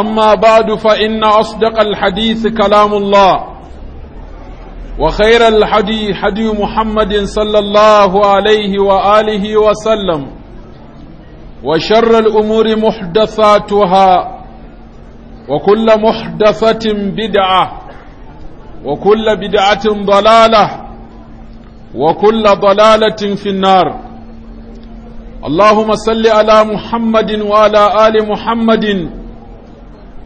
أما بعد فإن أصدق الحديث كلام الله وخير الحدي حدي محمد صلى الله عليه وآله وسلم وشر الأمور محدثاتها وكل محدثة بدعة وكل بدعة ضلالة وكل ضلالة في النار اللهم صل على محمد وعلى آل محمد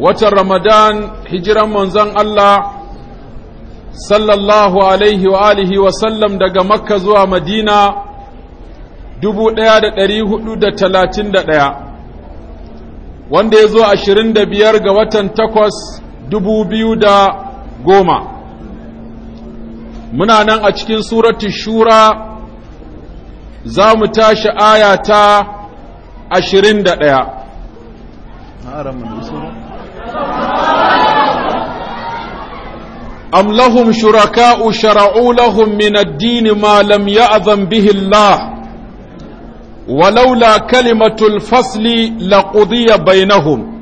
watan ramadan hijiran manzon Allah sallallahu alaihi wa alihi wa sallam daga makka zuwa madina dubu ɗaya da ɗari hudu da talatin da ɗaya wanda ya zo ashirin da biyar ga watan takwas dubu biyu da goma muna nan a cikin suratun shura za mu tashi aya ta ashirin da ɗaya أم لهم شركاء شرعوا لهم من الدين ما لم يأذن به الله ولولا كلمة الفصل لقضي بينهم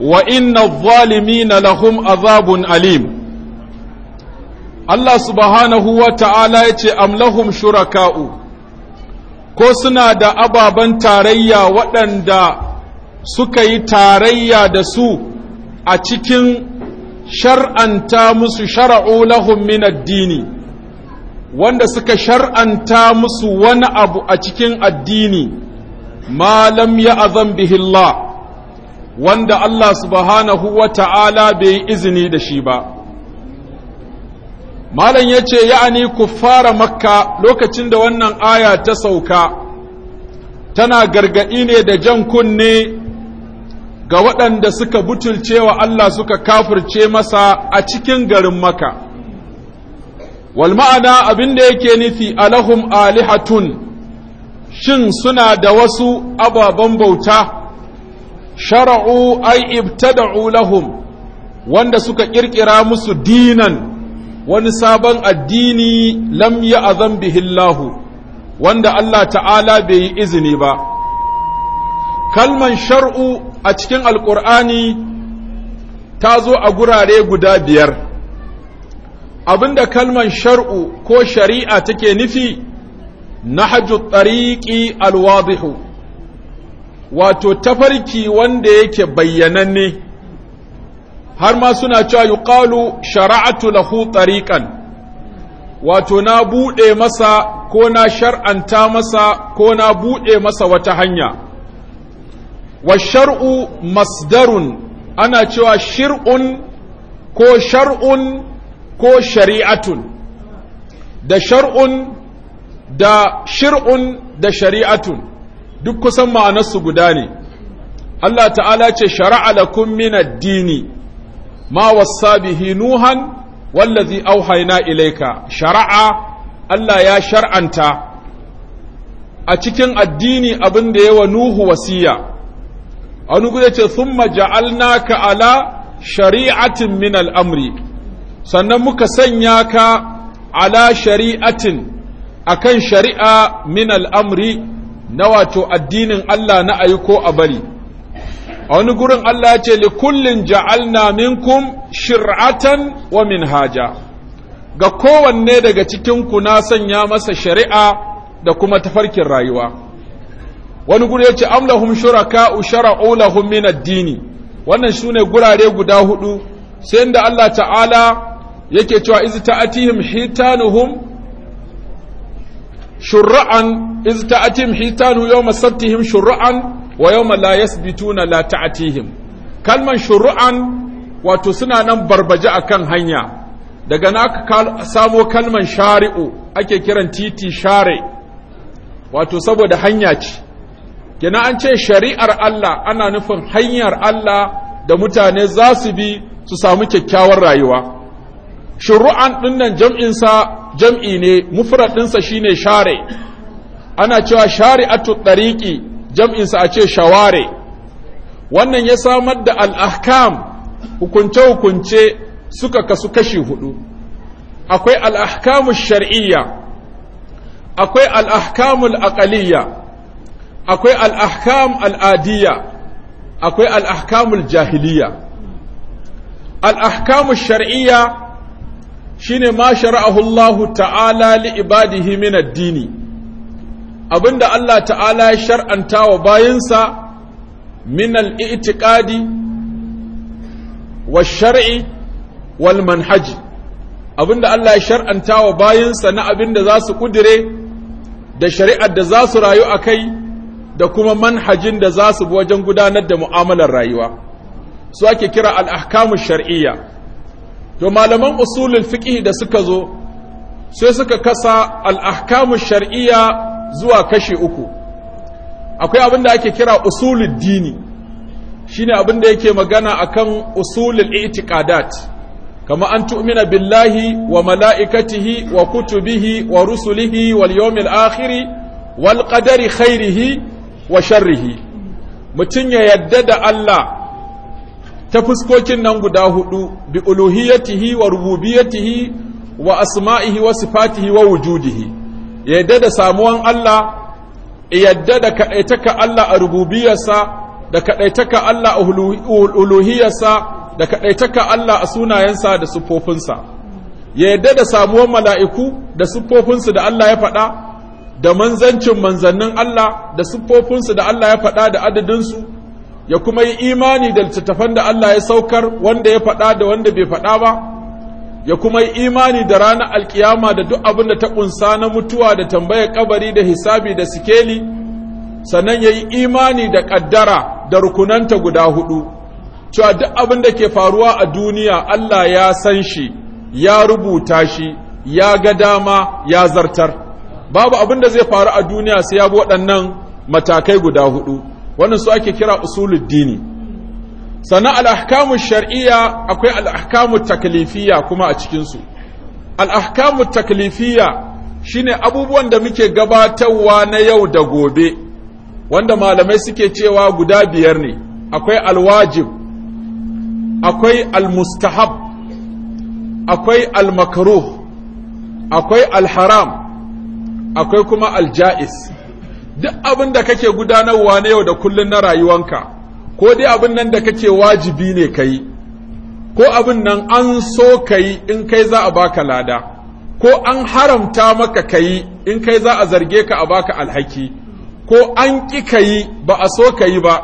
وإن الظالمين لهم عذاب أليم الله سبحانه وتعالى يتي أم لهم شركاء كسنا دا أبا بن تاريا ودن دا suka yi tarayya da su a cikin shar'anta musu shara'u lahum min addini wanda suka shar'anta musu wani abu a cikin addini malam lam azan bihi wanda Allah subhanahu wa ta'ala bai yi izini da shi ba. Malam ya ce, Ya'ani fara makka lokacin da wannan aya ta sauka, tana gargaɗi ne da jan kunne ga waɗanda suka wa Allah suka kafirce masa a cikin garin maka wal ma'ana abin da yake nufi alahum alihatun shin suna da wasu ababen bauta shara'u ai ibtada'u lahum wanda suka ƙirƙira musu dinan wani sabon addini lam ya'zam bihi Allah wanda Allah ta'ala bai yi izini ba kalman shar'u a cikin alkur'ani ta zo a gurare guda biyar abinda kalman shar'u ko shari'a take nufi na hajju tsariƙi alwadihu wato tafarki wanda yake bayyananne har ma suna cewa yuƙalu shara'atu lahu tsarikan wato na buɗe masa ko na shar'anta masa ko na buɗe masa wata hanya wa masdarun ana cewa shir'un ko shar'un ko shari'atun da shar'un da shir'un da shari'atun duk kusan ma'anarsu guda ne Allah ta'ala ce shara'a lakum min ad-dini ma wassa bihi nuhan wallazi auhayna ilayka shara'a Allah ya shar'anta a cikin addini abin da wa nuhu wasiya wani guda ce sun maja'alna ka ala shari'atin min al'amri sannan muka sanya ka ala shari'atin akan shari'a min al'amri na wato addinin Allah na aiko a bari a wani gurin Allah ya ce likullin ja'alna minkum shir'atan wa manhaja. ga kowanne daga cikinku na sanya masa shari'a da kuma tafarkin rayuwa wani guri ce am lahum shuraka'u shara'u lahum min ad-dini wannan sune gurare guda hudu sai inda Allah ta'ala yake cewa iz ta'atihim hitanuhum shur'an iz ta'atihim hitanu yawma sabtihim shur'an wa yawma la yasbituna la ta'atihim kalman shur'an wato suna nan barbaje akan hanya daga na aka samo kalman shari'u ake kiran titi share wato saboda hanya ce Gina an ce shari'ar Allah ana nufin hanyar Allah da mutane za su bi su samu kyakkyawar rayuwa shuru'an dinnan jam'insa jam'i ne mufrad shine share ana cewa shari'atu tariqi jam'insa a ce shaware wannan ya samar da al'ahkam hukunce-hukunce suka kasu kashi hudu akwai al-ahkamu shar'iyya akwai al-ahkamu akwai al'ahkam al'adiyya akwai al'ahkamul jahiliya al'ahkamul shar'iyya shi ne ma shara'ahullahu ta'ala li'ibadihi min addini abinda Allah ta'ala ya shar'anta wa bayinsa min al'itikadi wa shar'i wal manhaji abinda Allah ya shar'anta wa bayinsa na abinda za su ƙudire da shari'ar da za su rayu a kai da kuma manhajin da za su bi wajen gudanar da mu'amalar rayuwa su ake kira al'ahkamu shar'iyya to malaman usulul fiqh da suka zo sai suka kasa al'ahkamu shar'iyya zuwa kashi uku akwai abin da ake kira usulul dini shine abin da yake magana akan usulul i'tiqadat kama an tu'mina billahi wa mala'ikatihi wa kutubihi wa rusulihi wal yawmil akhir wal qadari khairihi wa sharrihi mutum ya yadda da Allah ta fuskokin nan guda hudu bi uluhiyatihi wa rububiyatihi wa asma'ihi wa sifatihi wa wujudihi yadda da samuwan Allah yadda da kaɗaitaka Allah a rububiyarsa da kaɗaitaka Allah a uluhiyarsa da kaɗaitaka Allah a sunayensa da siffofinsa yadda da samuwan mala'iku da siffofinsu da Allah ya faɗa da manzancin manzannin Allah da siffofinsu da Allah ya faɗa da adadinsu ya kuma yi imani da littattafan da Allah ya saukar wanda ya faɗa da wanda bai faɗa ba ya kuma yi imani da ranar alkiyama da duk abin da ta ƙunsa na mutuwa da tambayar kabari da hisabi da sikeli sannan ya yi imani da ƙaddara da rukunanta guda hudu cewa duk abin da ke faruwa a duniya Allah ya san shi ya rubuta shi ya ga dama ya zartar babu abin da zai faru a duniya sai ya bi waɗannan matakai guda hudu wannan su ake kira usuluddini sannan al'ahkamu shar'iyya akwai al'ahkamu taklifiyya kuma a cikinsu al'ahkamu taklifiyya shine abubuwan da muke gabatarwa na yau da gobe wanda malamai suke cewa guda biyar ne akwai alwajib akwai almustahab akwai almakaruh akwai alharam akwai kuma alja'is duk abin da kake gudanarwa na yau da kullun na rayuwanka ko dai abin nan da kake wajibi ne kai ko abin nan an so kai in kai za a baka lada ko an haramta maka kai in kai za a zarge ka a baka alhaki ko an ƙi kai ba a so kai ba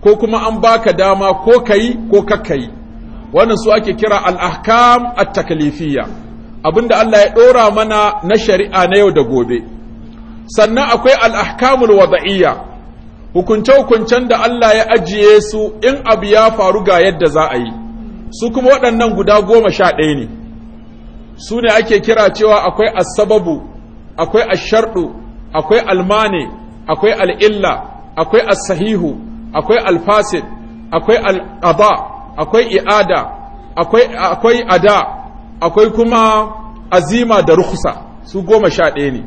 ko kuma an baka dama ko kai ko kakkai wannan su ake kira al-ahkam at-taklifiyya abinda Allah ya ɗora mana na shari'a na yau da gobe sannan akwai al'ahkamul wada'iyya hukunce-hukuncen da Allah ya ajiye su in abu ya faru ga yadda za a yi su kuma waɗannan guda goma sha ɗaya ne su ne ake kira cewa akwai asababu akwai asharɗu akwai almane akwai al'illa akwai asahihu akwai alfasid akwai al'aba akwai i'ada akwai ada akwai kuma azima da rukhsa su goma sha ɗaya ne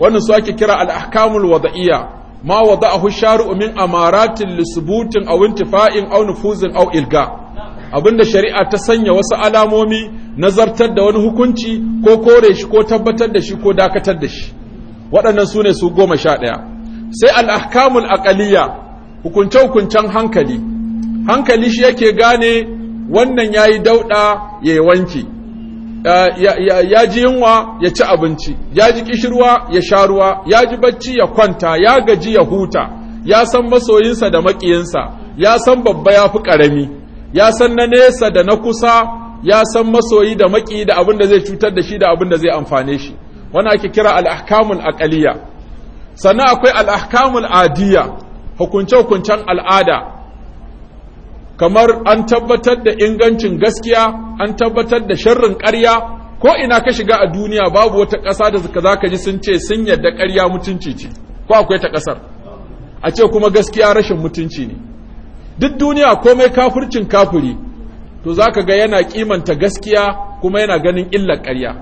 wannan su ake kira al-ahkamul wada'iyya ma wada'ahu shari'u min amaratin lisubutin aw intifa'in au nufuzin au ilga abinda shari'a ta sanya wasu alamomi nazartar da wani hukunci ko kore shi ko tabbatar da shi ko dakatar da shi waɗannan su ne su goma sha ɗaya sai al'akamul aƙaliya hukunce-hukuncen hankali hankali shi yake gane wannan ya yi dauɗa ya yi wanki ya ji yunwa ya ci abinci ya ji kishirwa ya sha ruwa ya ji bacci ya kwanta ya gaji ya huta ya san masoyinsa da makiyinsa ya san babba ya fi ƙarami ya san na nesa da na kusa ya san masoyi da maki da abin da zai cutar da shi da abin da zai amfane shi wani ake kira al'ahkamun aƙaliya sannan akwai al'ahkamun adiya hukunce-hukuncen al'ada kamar an tabbatar da ingancin gaskiya an tabbatar da sharrin ƙarya ko ina ka shiga a duniya babu wata ƙasa da suka zaka ji sun ce sun yarda ƙarya mutunci ce ko akwai ta ƙasar a ce kuma gaskiya rashin mutunci ne duk duniya komai kafircin kafuri to zaka ga yana kimanta gaskiya kuma yana ganin illar ƙarya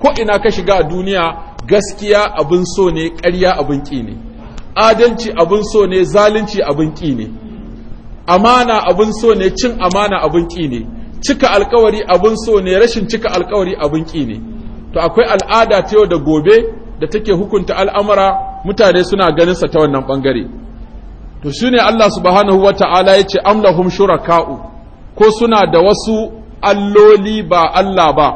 ko ina ka shiga a duniya gaskiya abin so ne ƙarya abin ƙi ne adalci abin so ne zalunci abin ƙi ne amana abun so ne cin amana abun ƙi ne cika alkawari abin so ne rashin cika alkawari abin ƙi ne to akwai al'ada ta yau da gobe da take hukunta al'amura mutane suna ganin sa ta wannan bangare to shine Allah subhanahu wata'ala yace amlahum shuraka'u ko suna da wasu alloli ba Allah ba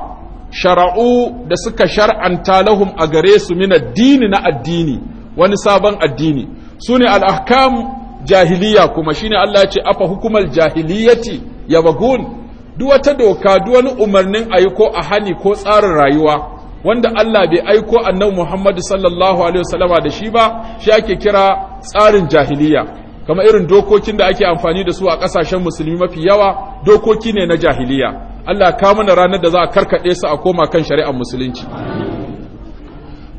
shara'u da suka shar'anta lahum a gare su min addini na addini wani sabon addini sune al-ahkam jahiliya kuma shine Allah ya ce afa hukumar hukumal jahiliyati yabghun duk wata doka duk wani umarnin ayi ko a hani ko tsarin rayuwa wanda Allah bai aiko annabi Muhammad sallallahu alaihi wasallama da shi ba shi ake kira tsarin jahiliya kama irin dokokin da ake amfani da su a kasashen musulmi mafi yawa dokoki ne na jahiliya Allah ka mana ranar da za a karkade su a koma kan shari'ar musulunci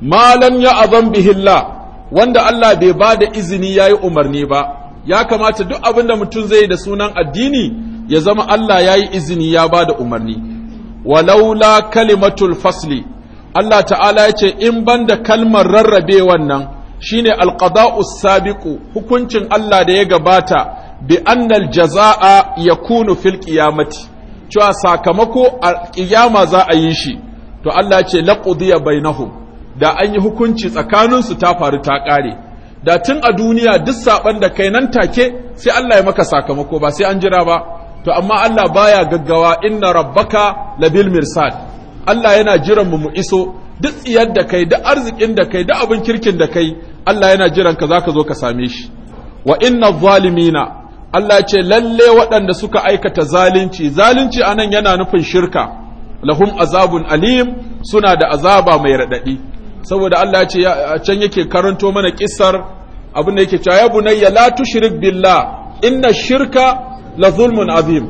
malam ya azam bihillah wanda Allah bai ba da izini ya yi umarni ba ya kamata duk abin da mutum zai da sunan addini ya zama Allah ya yi izini ya ba da umarni walaula kalimatul fasli Allah ta'ala ya ce in ban da kalmar rarrabe wannan shine alqada'us sabiqu hukuncin Allah da ya gabata bi annal jaza'a yakunu fil ƙiyamati, cewa sakamako a ƙiyama za a yi shi to Allah ce laqudiya bainahu. da an yi hukunci tsakaninsu ta faru ta ƙare da tun a duniya duk saɓan da kai nan take sai Allah ya maka sakamako ba sai an jira ba to amma Allah baya gaggawa inna rabbaka labil mirsad Allah yana jiran mu mu iso duk tsiyar da kai duk arzikin da kai duk abin kirkin da kai Allah yana jiran ka za ka zo ka same shi wa inna zalimina Allah ce lalle waɗanda suka aikata zalunci zalunci anan yana nufin shirka lahum azabun alim suna da azaba mai raɗaɗi saboda Allah ce can yake karanto mana kissar abin da yake cewa ya bunayya la tushrik billah inna shirka la zulmun azim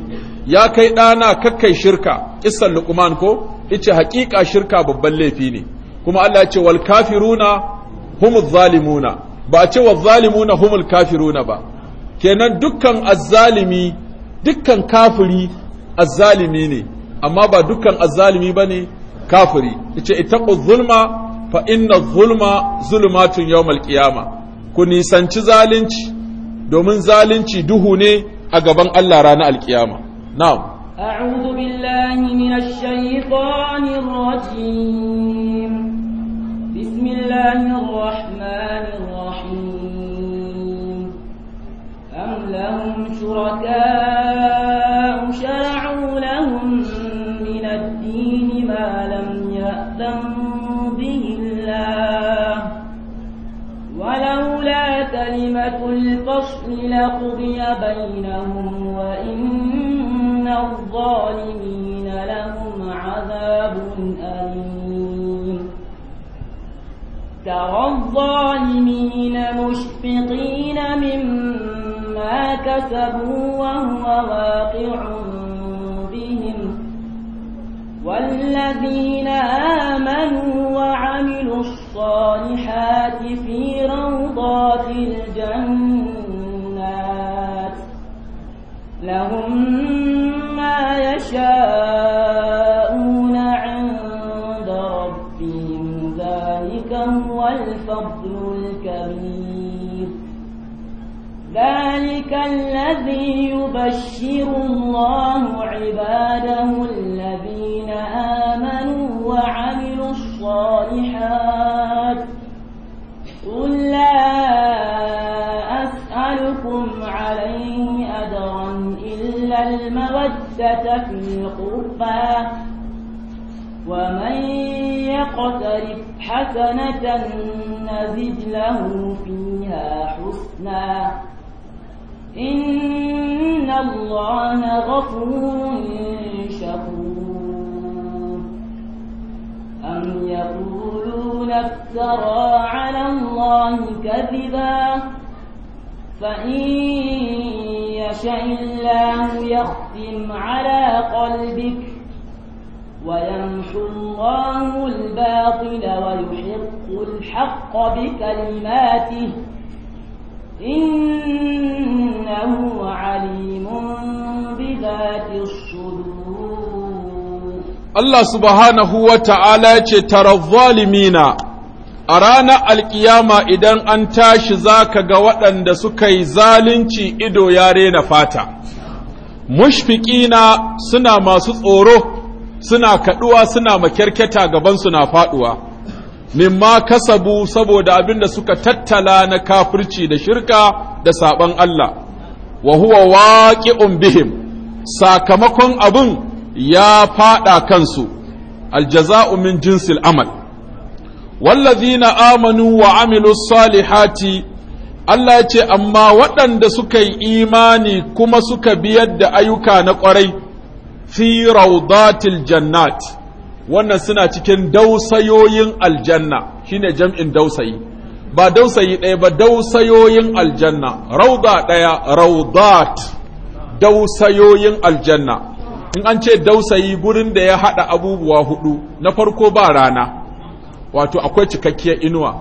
ya kai dana kakkai shirka kissar luqman ko yace haƙiƙa shirka babban laifi ne kuma Allah ya ce wal kafiruna humuz zalimuna ba a ce wal zalimuna humul kafiruna ba kenan dukkan azzalimi dukkan kafiri azzalimi ne amma ba dukkan azzalimi bane kafiri yace ittaqu zulma fa inna zulma zulmatun yawmal qiyama ku nisanci zalunci domin zalunci duhu ne a gaban Allah rana alkiyama na'am a'udhu billahi minash shaytanir rajim bismillahir rahmanir rahim am lahum shuraka sharu lahum min ad-din ma lam ya'lam ولولا كلمة الفصل لقضي بينهم وإن الظالمين لهم عذاب أليم ترى الظالمين مشفقين مما كسبوا وهو واقع بهم والذين آمنوا وعملوا الصالحات في روضات الجنات لهم ما يشاءون عند ربهم ذلك هو الفضل الكبير ذلك الذي يبشر الله عباده العزة في القربى ومن يقترف حسنة نزد له فيها حسنا إن الله غفور شكور أم يقولون افترى على الله كذبا فإن يشأ الله يختم على قلبك ويمحو الله الباطل ويحق الحق بكلماته إنه عليم بذات الصدور الله سبحانه وتعالى ترى الظالمين a ranar alkiyama idan an tashi za ka ga waɗanda suka yi zalunci ido yare na fata mushfiƙina suna masu tsoro suna kaɗuwa suna makyarketa gabansu na faɗuwa mimma kasabu saboda abin da suka tattala na kafirci da shirka da saɓon Allah wa huwa waƙi bihim sakamakon abin ya faɗa kansu aljazaumin min jinsil amal na amanu wa amilu salihati Allah ce amma waɗanda suka yi imani kuma suka biyar da ayyuka na ƙwarai fi raudatil jannat wannan suna cikin dausayoyin aljanna shine jam'in dausayi ba dausayi ɗaya ba dausayoyin aljanna rauda ɗaya raudat dausayoyin aljanna in an ce dausayi gurin da ya haɗa abubuwa huɗu, na farko ba rana wato akwai cikakkiyar inuwa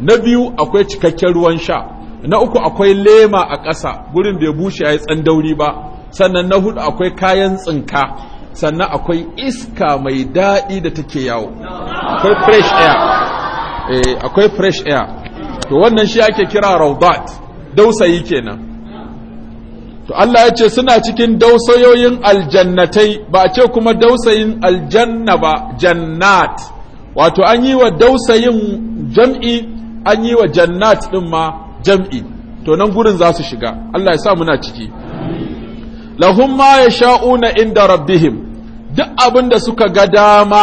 na biyu akwai cikakken ruwan sha na uku akwai lema a ƙasa gurin bai bushe ya yi tsandauri ba sannan na hudu akwai kayan tsinka sannan akwai iska mai daɗi da take yawo akwai fresh air eh akwai fresh air to wannan shi ake kira raudat dausayi kenan to Allah ya ce suna cikin dausayoyin aljannatai ba a ce kuma dausayin aljanna ba jannat wato an yi wa dausayin jam'i an yi wa jannat ɗin ma jam'i to nan gurin za su shiga Allah ya sa muna ciki lahum ma sha'una inda rabbihim duk abin da suka ga dama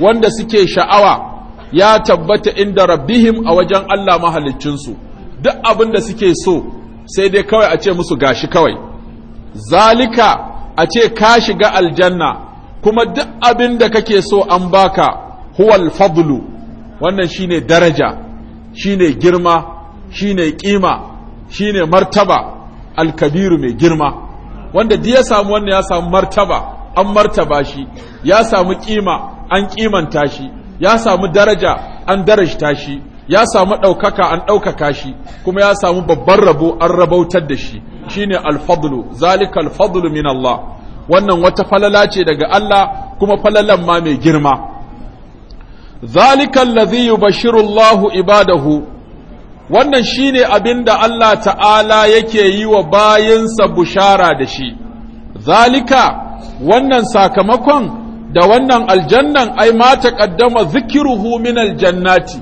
wanda suke sha'awa ya tabbata inda rabbihim a wajen Allah mahaliccinsu duk abin da suke so sai dai kawai a ce musu gashi kawai zalika a ce ka shiga aljanna kuma duk abin da kake so an baka huwal fadlu wannan shine daraja shine girma shine kima shine martaba alkabiru mai girma wanda duk ya samu wannan ya samu martaba an martaba shi ya samu kima an kimanta shi ya samu daraja an darajta shi ya samu ɗaukaka an ɗaukaka shi kuma ya samu babban rabo an rabautar da shi shine alfadlu zalika alfadlu min Allah wannan wata falala ce daga Allah kuma falalan ma mai girma Zalikan allazi Bashirullahu Allahu ibadahu wannan shine abinda Allah ta'ala yake yi wa bayinsa bushara da shi zalika wannan sakamakon da wannan aljannan ai ma kaddama zikruhu min aljannati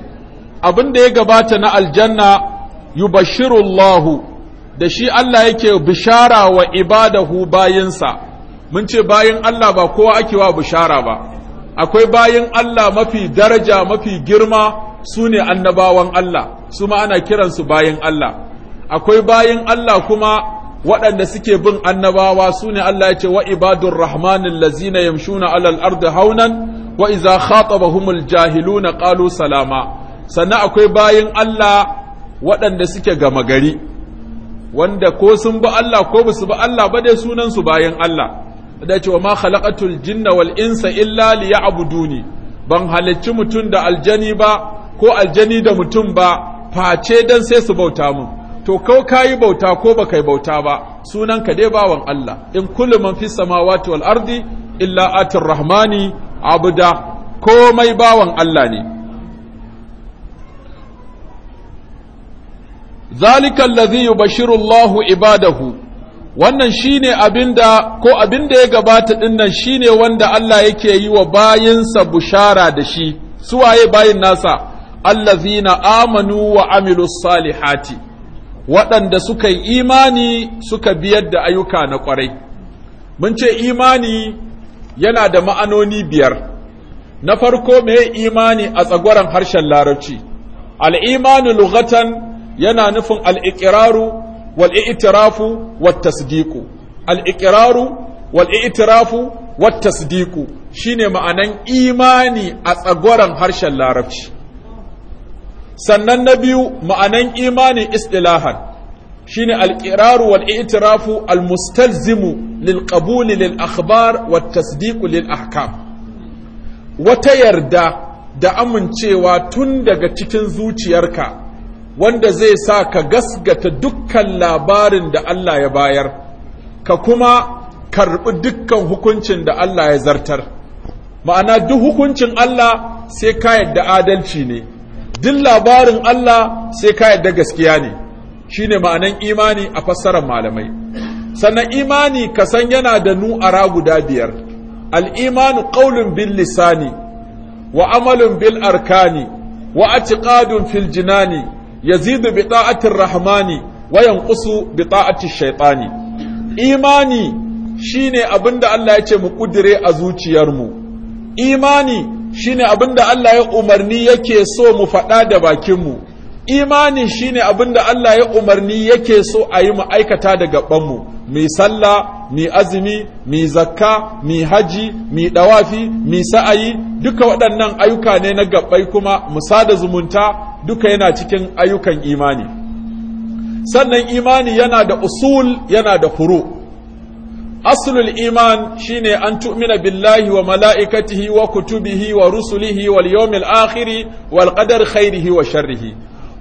abinda ya gabata na aljanna yubashiru da shi Allah yake bishara wa ibadahu bayinsa mun ce bayin Allah ba kowa ake wa bushara ba akwai bayan Allah mafi daraja mafi girma su ne annabawan Allah su ma ana kiransu bayan Allah akwai bayan Allah kuma waɗanda suke bin annabawa su ne Allah ya ce wa ibadur rahmanin lazina yamshuna alal ardi haunan wa iza khatabahumul jahiluna qalu salama sannan akwai bayan Allah waɗanda suke gama gari wanda ko sun bi Allah ko ba su bi Allah ba dai sunansu bayan Allah da ce wa ma khalaqatul jinna wal insa illa liya'buduni ban halicci mutum da aljani ba ko aljani da mutum ba face dan sai su bauta mun to kau kayi bauta ko baka yi bauta ba sunan ka dai bawan Allah in kullu man fis samawati wal ardi illa atir rahmani ko komai bawan Allah ne zalika allazi yubashiru Allahu ibadahu wannan shine abinda ko abinda ya gabata dinnan shine wanda Allah yake yi wa bayinsa bushara da shi su waye bayin nasa allazina amanu wa amilus salihati waɗanda suka yi imani suka biyar da ayyuka na ƙwarai mun ce imani yana da ma'anoni biyar na farko mai imani a tsagwaron harshen larabci Al'imani lugatan yana nufin al'ikiraru wal i'tirafu wat tasdiqu al iqraru wal i'tirafu wat shine ma'anan imani a tsagoran harshen larabci sannan na biyu ma'anan imani istilahan shine al-qiraru wal i'tirafu al-mustalzimu lil qabul lil akhbar wat lil ahkam wata yarda da amincewa tun daga cikin zuciyarka wanda zai sa ka gasgata dukkan labarin da Allah ya bayar ka kuma karɓi dukkan hukuncin da Allah ya zartar ma'ana duk hukuncin Allah sai ka yadda adalci ne duk labarin Allah sai ka yadda gaskiya ne Shi ne ma'anan imani a fassarar malamai sannan imani ka san yana da nu'ara guda biyar al ƙaunin qawlun bil lisani wa amalin bil arkani wa ƙadun fil jinani yazidu bi rahmani wayan yanqusu bi ta'atir imani shine abinda Allah yace mu kudire a zuciyarmu imani shine abinda Allah ya umarni yake so mu faɗa da bakinmu imani shine abinda Allah ya umarni yake so a yi mu aikata da gaɓanmu. mai sallah mai azumi mai zakka mai haji mai dawafi mai sa'ayi duka waɗannan ayyuka ne na gabbai kuma musada zumunta duka yana cikin ayyukan imani sannan imani yana da usul yana da furu asulul iman shine an tu'mina billahi wa mala'ikatihi wa kutubihi wa rusulihi wal yawmil akhiri wal qadar khairihi wa sharrihi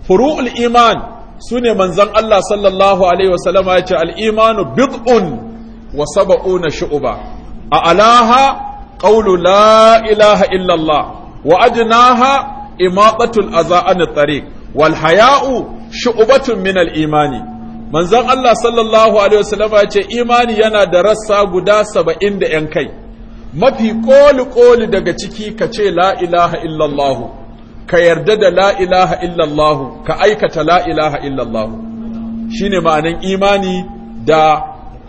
furu'ul iman su ne manzan Allah sallallahu alaihi wasallama ya ce al'imanu bid'un wa saba'una shu'uba a alaha ƙaunu la ilaha illallah wa adnaha imatatul aza'an tariq wal haya'u shu'batun min al'imani. imani manzan Allah sallallahu alaihi wasallama ya ce imani yana da rassa guda saba'in da ‘yan kai mafi ƙoli-ƙoli daga ciki ka ce la ilaha illallahu ka yarda da la ilaha illallahu ka aikata la ilaha illallahu shine ma'anan imani da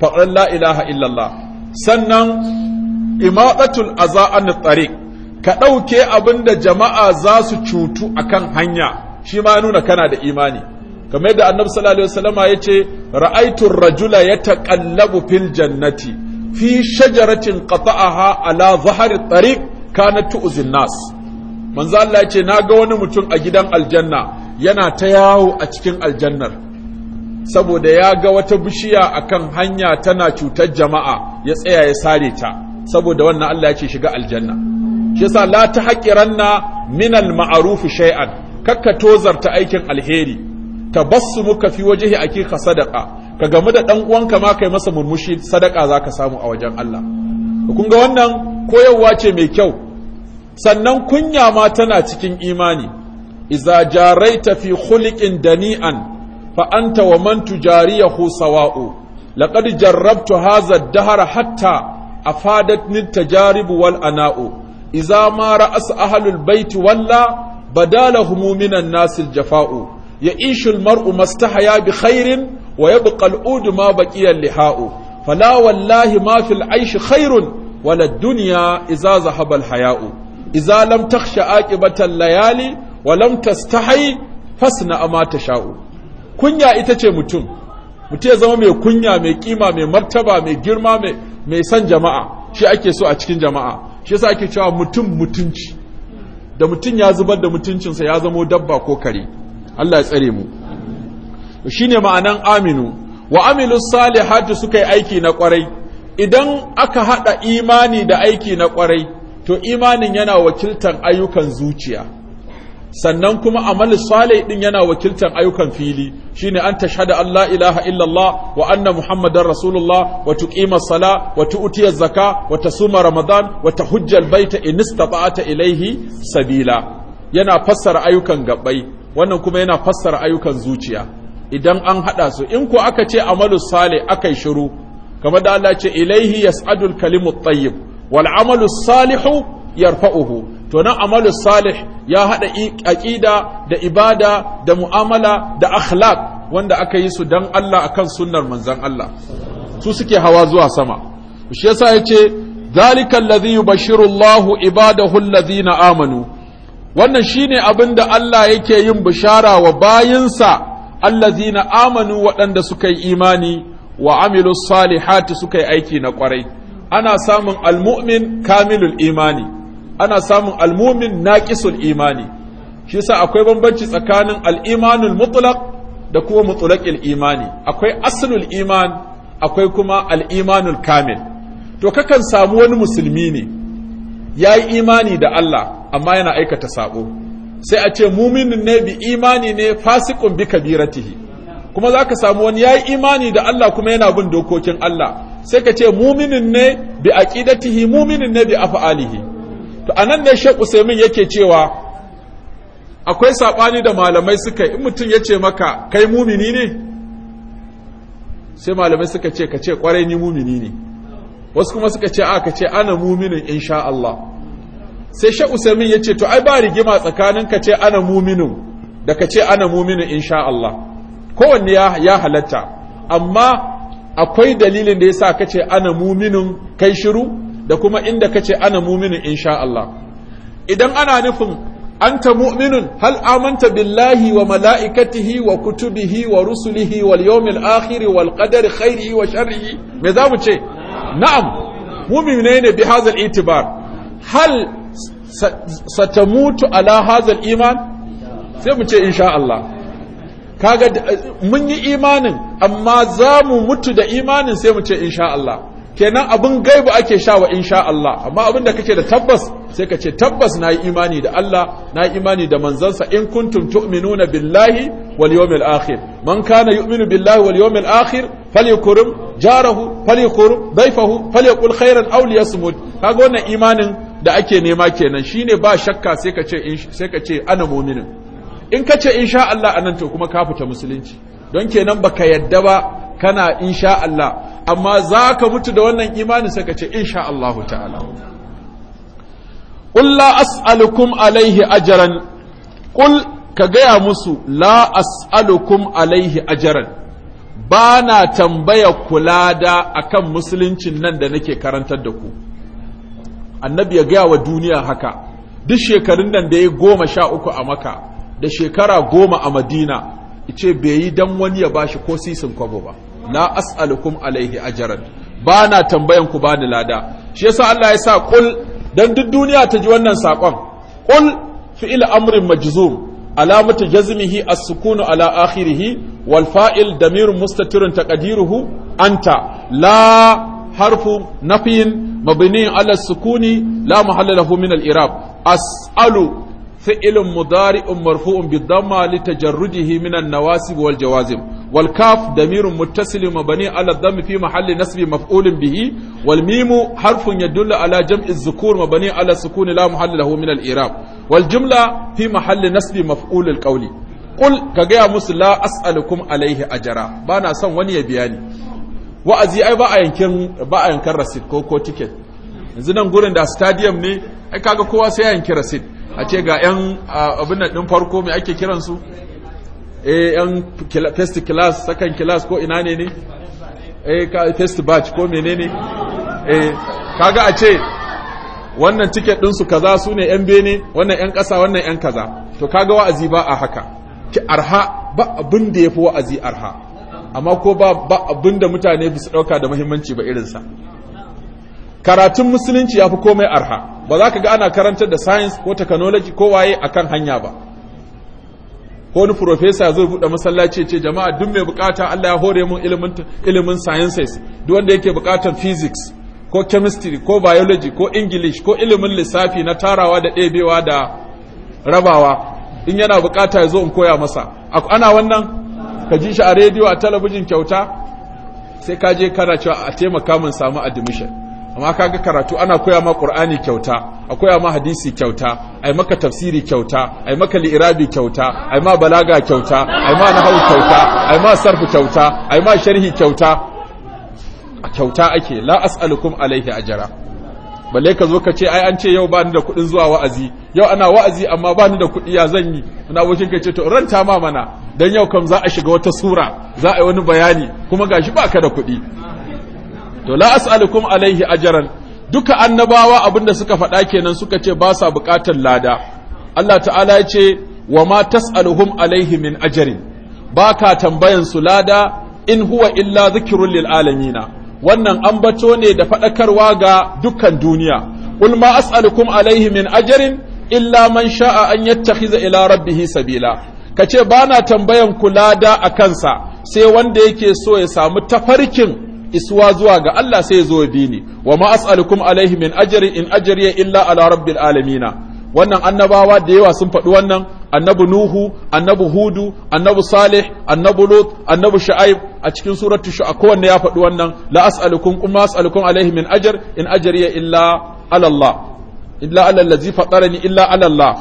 faɗan la ilaha illallah sannan imatatul aza'an tariq ka ɗauke abinda jama'a za su cutu akan hanya shi ma nuna kana da imani kamar yadda annabi sallallahu alaihi wasallama ya ce, ar-rajula yataqallabu fil jannati fi shajaratin qata'aha ala dhahri at-tariq kanat tu'zi nas manzo Allah yace na ga wani mutum a gidan aljanna yana ta yawo a cikin aljannar saboda ya ga wata bishiya akan hanya tana cutar jama'a ya tsaya ya sare ta saboda wannan Allah ya shiga aljanna shi yasa la tahqiranna min al-ma'ruf shay'an kakka tozarta aikin alheri tabassumuka fi wajhi akika sadaqa ka gamu da ɗan uwanka ma kai masa murmushi sadaka zaka samu a wajen Allah kun ga wannan koyarwa ce mai kyau sannan kunya ma tana cikin imani iza jaraita fi khuliqin dani'an fa anta wa man tujariyahu sawa'u laqad jarrabtu hadha ad-dahra hatta afadatni at-tajarib wal ana'u iza ma ra'as ahlul baiti walla badalahum minan nas al-jafa'u ya'ishu al-mar'u mastahya bi khairin wa yabqa al-ud ma baqiya lihau fala wallahi ma fil 'aysh khairun wala ad-dunya iza zahaba al-haya'u iza lam takhsha aqibatal layali wa lam tastahi fasna ma tasha'u kunya ita ce mutum mutum ya zama mai kunya mai kima mai martaba mai girma mai mai san jama'a shi ake so a cikin jama'a shi yasa ake cewa mutum mutunci da mutum ya zubar da mutuncinsa ya zamo dabba ko kare Allah ya tsare mu shine ma'anan aminu wa amilus salihati suka yi aiki na kwarai idan aka hada imani da aiki na kwarai to imanin yana wakiltan ayyukan zuciya sannan kuma amal salih din yana wakiltan ayyukan fili shine an tashhada Allah ilaha illallah wa anna muhammadar rasulullah wa tuqima sala wa tu'tiya zaka wa tasuma ramadan wa tahujja albayta in istata'ta ilayhi sabila yana fassara ayyukan gabbai wannan kuma yana fassara ayyukan zuciya idan an hada su in ko aka ce amalus salih akai shiru kamar da Allah ce ilaihi yas'adul kalimut tayyib wal amalu salihu yarfa'uhu to nan amalu salih ya haɗa aqida da ibada da mu'amala da akhlaq wanda aka yi su dan Allah akan sunnar manzon Allah su suke hawa zuwa sama shi yasa yace zalika alladhi Bashirullahu, Allahu ibadahu alladhina amanu wannan shine abin da Allah yake yin bishara wa bayinsa allazina amanu waɗanda suka yi imani wa amilu salihati suka yi aiki na ƙwarai ana samun almu'min kamilul imani ana samun almu'min naqisul imani shi yasa akwai bambanci tsakanin al-imanul mutlaq da kuma mutlaqil imani akwai aslul iman akwai kuma al-imanul kamil to kakan samu wani musulmi ne yayi imani da Allah amma yana aikata sabo sai a ce muminin ne bi imani ne fasikun bi kabiratihi kuma zaka samu wani yayi imani da Allah kuma yana bin dokokin Allah sai ka ce muminin ne bi aqidatihi muminin ne bi af'alihi to anan ne Sheikh Usaimin yake cewa akwai sabani da malamai suka in mutum ya ce maka kai mumini ne sai malamai suka ce ka ce kwarai ni mumini ne wasu kuma suka ce a ka ce ana muminin insha Allah sai Sheikh Usaimin ya ce to ai ba rigima tsakanin ka ce ana muminin da ka ce ana muminin insha Allah kowanne ya halatta amma akwai dalilin da yasa kace ana muminin kai shiru da kuma inda kace ana muminin insha Allah idan ana nufin anta mu'minun hal amanta billahi wa mala'ikatihi wa kutubihi wa rusulihi wal yawmil akhir wal qadari khairihi wa sharrihi me za mu ce na'am Mumin ne bi hazal itibar hal satamutu ala hazal iman sai mu ce insha Allah kaga eh, mun yi imanin amma za mu mutu da imanin sai mu ce insha Allah kenan abin gaibu ake sha wa insha Allah amma abin da kake da tabbas sai ka ce tabbas na yi imani da Allah na yi imani da manzansa in kuntum tu'minuna billahi wal yawmil akhir man kana yu'minu billahi wal yawmil akhir falyukrim jarahu falyukrim dayfahu falyakul khairan aw liyasmut kaga wannan imanin da ake nema kenan shine ba shakka sai ka ce sai ka ce ana mu'minin in ka ce insha Allah a nan to kuma ka fita musulunci don kenan baka yadda ba kana insha Allah amma za ka mutu da wannan imanin sai ka ce insha Allah ta'ala qul la as'alukum alaihi ajran qul ka gaya musu la as'alukum alaihi ajran ba na tambaya kula da akan musuluncin nan da nake karantar da ku annabi ya gaya wa duniya haka duk shekarun nan da ya goma sha uku a maka da shekara goma a madina ce bai yi don wani ya bashi ko sisin kwabo ba la as'alukum alaihi ajaran. ba na tambayan ku ba ni lada shi yasa Allah ya sa kul dan duk duniya ta ji wannan sakon kul fi'il amrin majzum alamatu jazmihi as-sukunu ala akhirih wal fa'il damirun mustatirun taqdiruhu anta la حرف نفي مبني على السكون la محل له Al-Irab asalu. fi'ilun mudari'un marfu'un bi dhamma li tajarrudihi min an wal jawazim wal damirun muttasilun mabni bihi wal mimu harfun yadullu ala jam'i dhukur irab wal jumla fi mahalli nasbi maf'ul al ka gaya musu la as'alukum alaihi ajra bana son wani ya biya ni wa'azi ai ba a yankin ba yankan ko ko yanzu nan gurin da stadium ne ai kaga kowa sai ya yanki receipt a ce ga 'yan abin nan farko mai ake kiransu a eh, 'yan first class second class ko ina ne ne eh, ka first batch ko menene a eh, kaga a ce wannan ticket ɗinsu kaza su ne 'yan bene wannan 'yan kasa, wannan 'yan kaza to kaga wa'azi ba a haka ki arha ba abin da ya fi wa'azi arha amma ko ba abin da mutane ba su ɗauka da muhimmanci ba irinsa karatun musulunci ya fi komai arha ba za ka ga ana karantar da science ko technology ko waye a kan hanya ba ko wani profesa zai buɗe masallaci ce jama'a duk mai bukata Allah ya hore mun ilimin ilimin sciences duk wanda yake bukatar physics ko chemistry ko biology ko english ko ilimin lissafi na tarawa da ɗebewa da rabawa in yana bukata ya zo in koya masa ana wannan ka ji shi a rediyo a talabijin kyauta sai ka je kana a taimaka mun samu admission amma kaga karatu ana koya ma qur'ani kyauta a koya ma hadisi kyauta ai maka tafsiri kyauta ai maka li'irabi kyauta ai ma balaga kyauta ai ma nahwu kyauta ai ma sarfu kyauta ai ma sharhi kyauta a kyauta ake la as'alukum alaihi ajra balle ka zo ka ce ai an ce yau bani da kuɗin zuwa wa'azi yau ana wa'azi amma bani da kuɗi ya zan yi wani abokin ka ce to ranta ma mana dan yau kam za a shiga wata sura za a yi wani bayani kuma gashi baka da kuɗi to la as'alukum alaihi ajran duka annabawa abinda suka faɗa kenan suka ce ba sa buƙatar lada Allah ta'ala ya ce wa ma tas'aluhum alaihi min ajri ba ka tambayan su lada in huwa illa zikrun lil alamina wannan an bato ne da faɗakarwa ga dukkan duniya qul ma as'alukum alaihi min ajrin illa man sha'a an yattakhiza ila rabbihi sabila kace bana tambayan ku lada a kansa sai wanda yake so ya samu tafarkin isuwa zuwa ga Allah sai zo bi ni wa ma as'alukum alaihi min ajrin in ajriya illa ala rabbil alamin wannan annabawa da yawa sun faɗi wannan annabu nuhu annabu hudu annabu salih annabu lut annabu shu'aib a cikin suratu shu'a kowanne ya faɗi wannan la as'alukum kuma as'alukum alaihi min ajr in ajriya illa ala Allah illa ala allazi fatarani illa ala Allah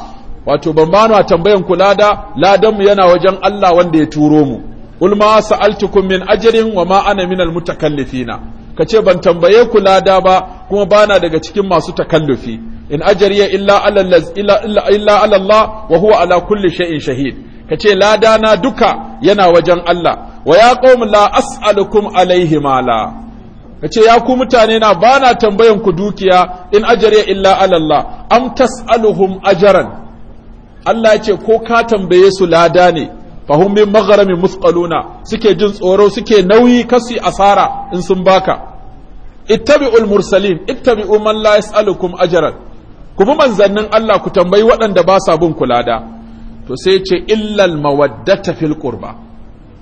wato ban bana tambayan kula da ladan mu yana wajen Allah wanda ya turo mu qul ma sa'altukum min ajrin wa mu ana min almutakallifina kace ban tambaye ku lada ba kuma bana daga cikin masu takallufi in ajriya illa ala illa illa ala Allah wa ala kulli shay'in shahid kace lada na duka yana wajen Allah wa ya qaum la as'alukum alaihi mala kace ya ku mutane na bana tambayan ku dukiya in ajriya illa ala Allah am tas'aluhum ajran Allah ya ce ko ka tambaye su lada ne fahum min magharami musqaluna suke jin tsoro suke nauyi kasu asara in sun baka ittabi'ul mursalin ittabi'u man la yas'alukum ajran ku bi manzannin Allah ku tambayi waɗanda ba sa bin kula da to sai ce illal mawaddata fil qurba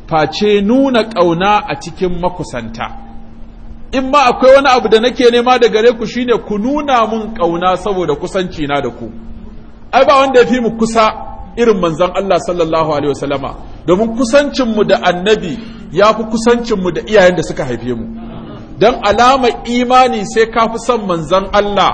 face nuna kauna a cikin makusanta in ma akwai wani abu da nake nema da gare ku shine ku nuna mun ƙauna saboda kusanci na da ku ai ba wanda ya fi mu kusa irin manzan Allah sallallahu alaihi wasallama domin kusancinmu da annabi ya fi kusancinmu da iyayen da suka haife mu don alama imani sai ka fi son manzan Allah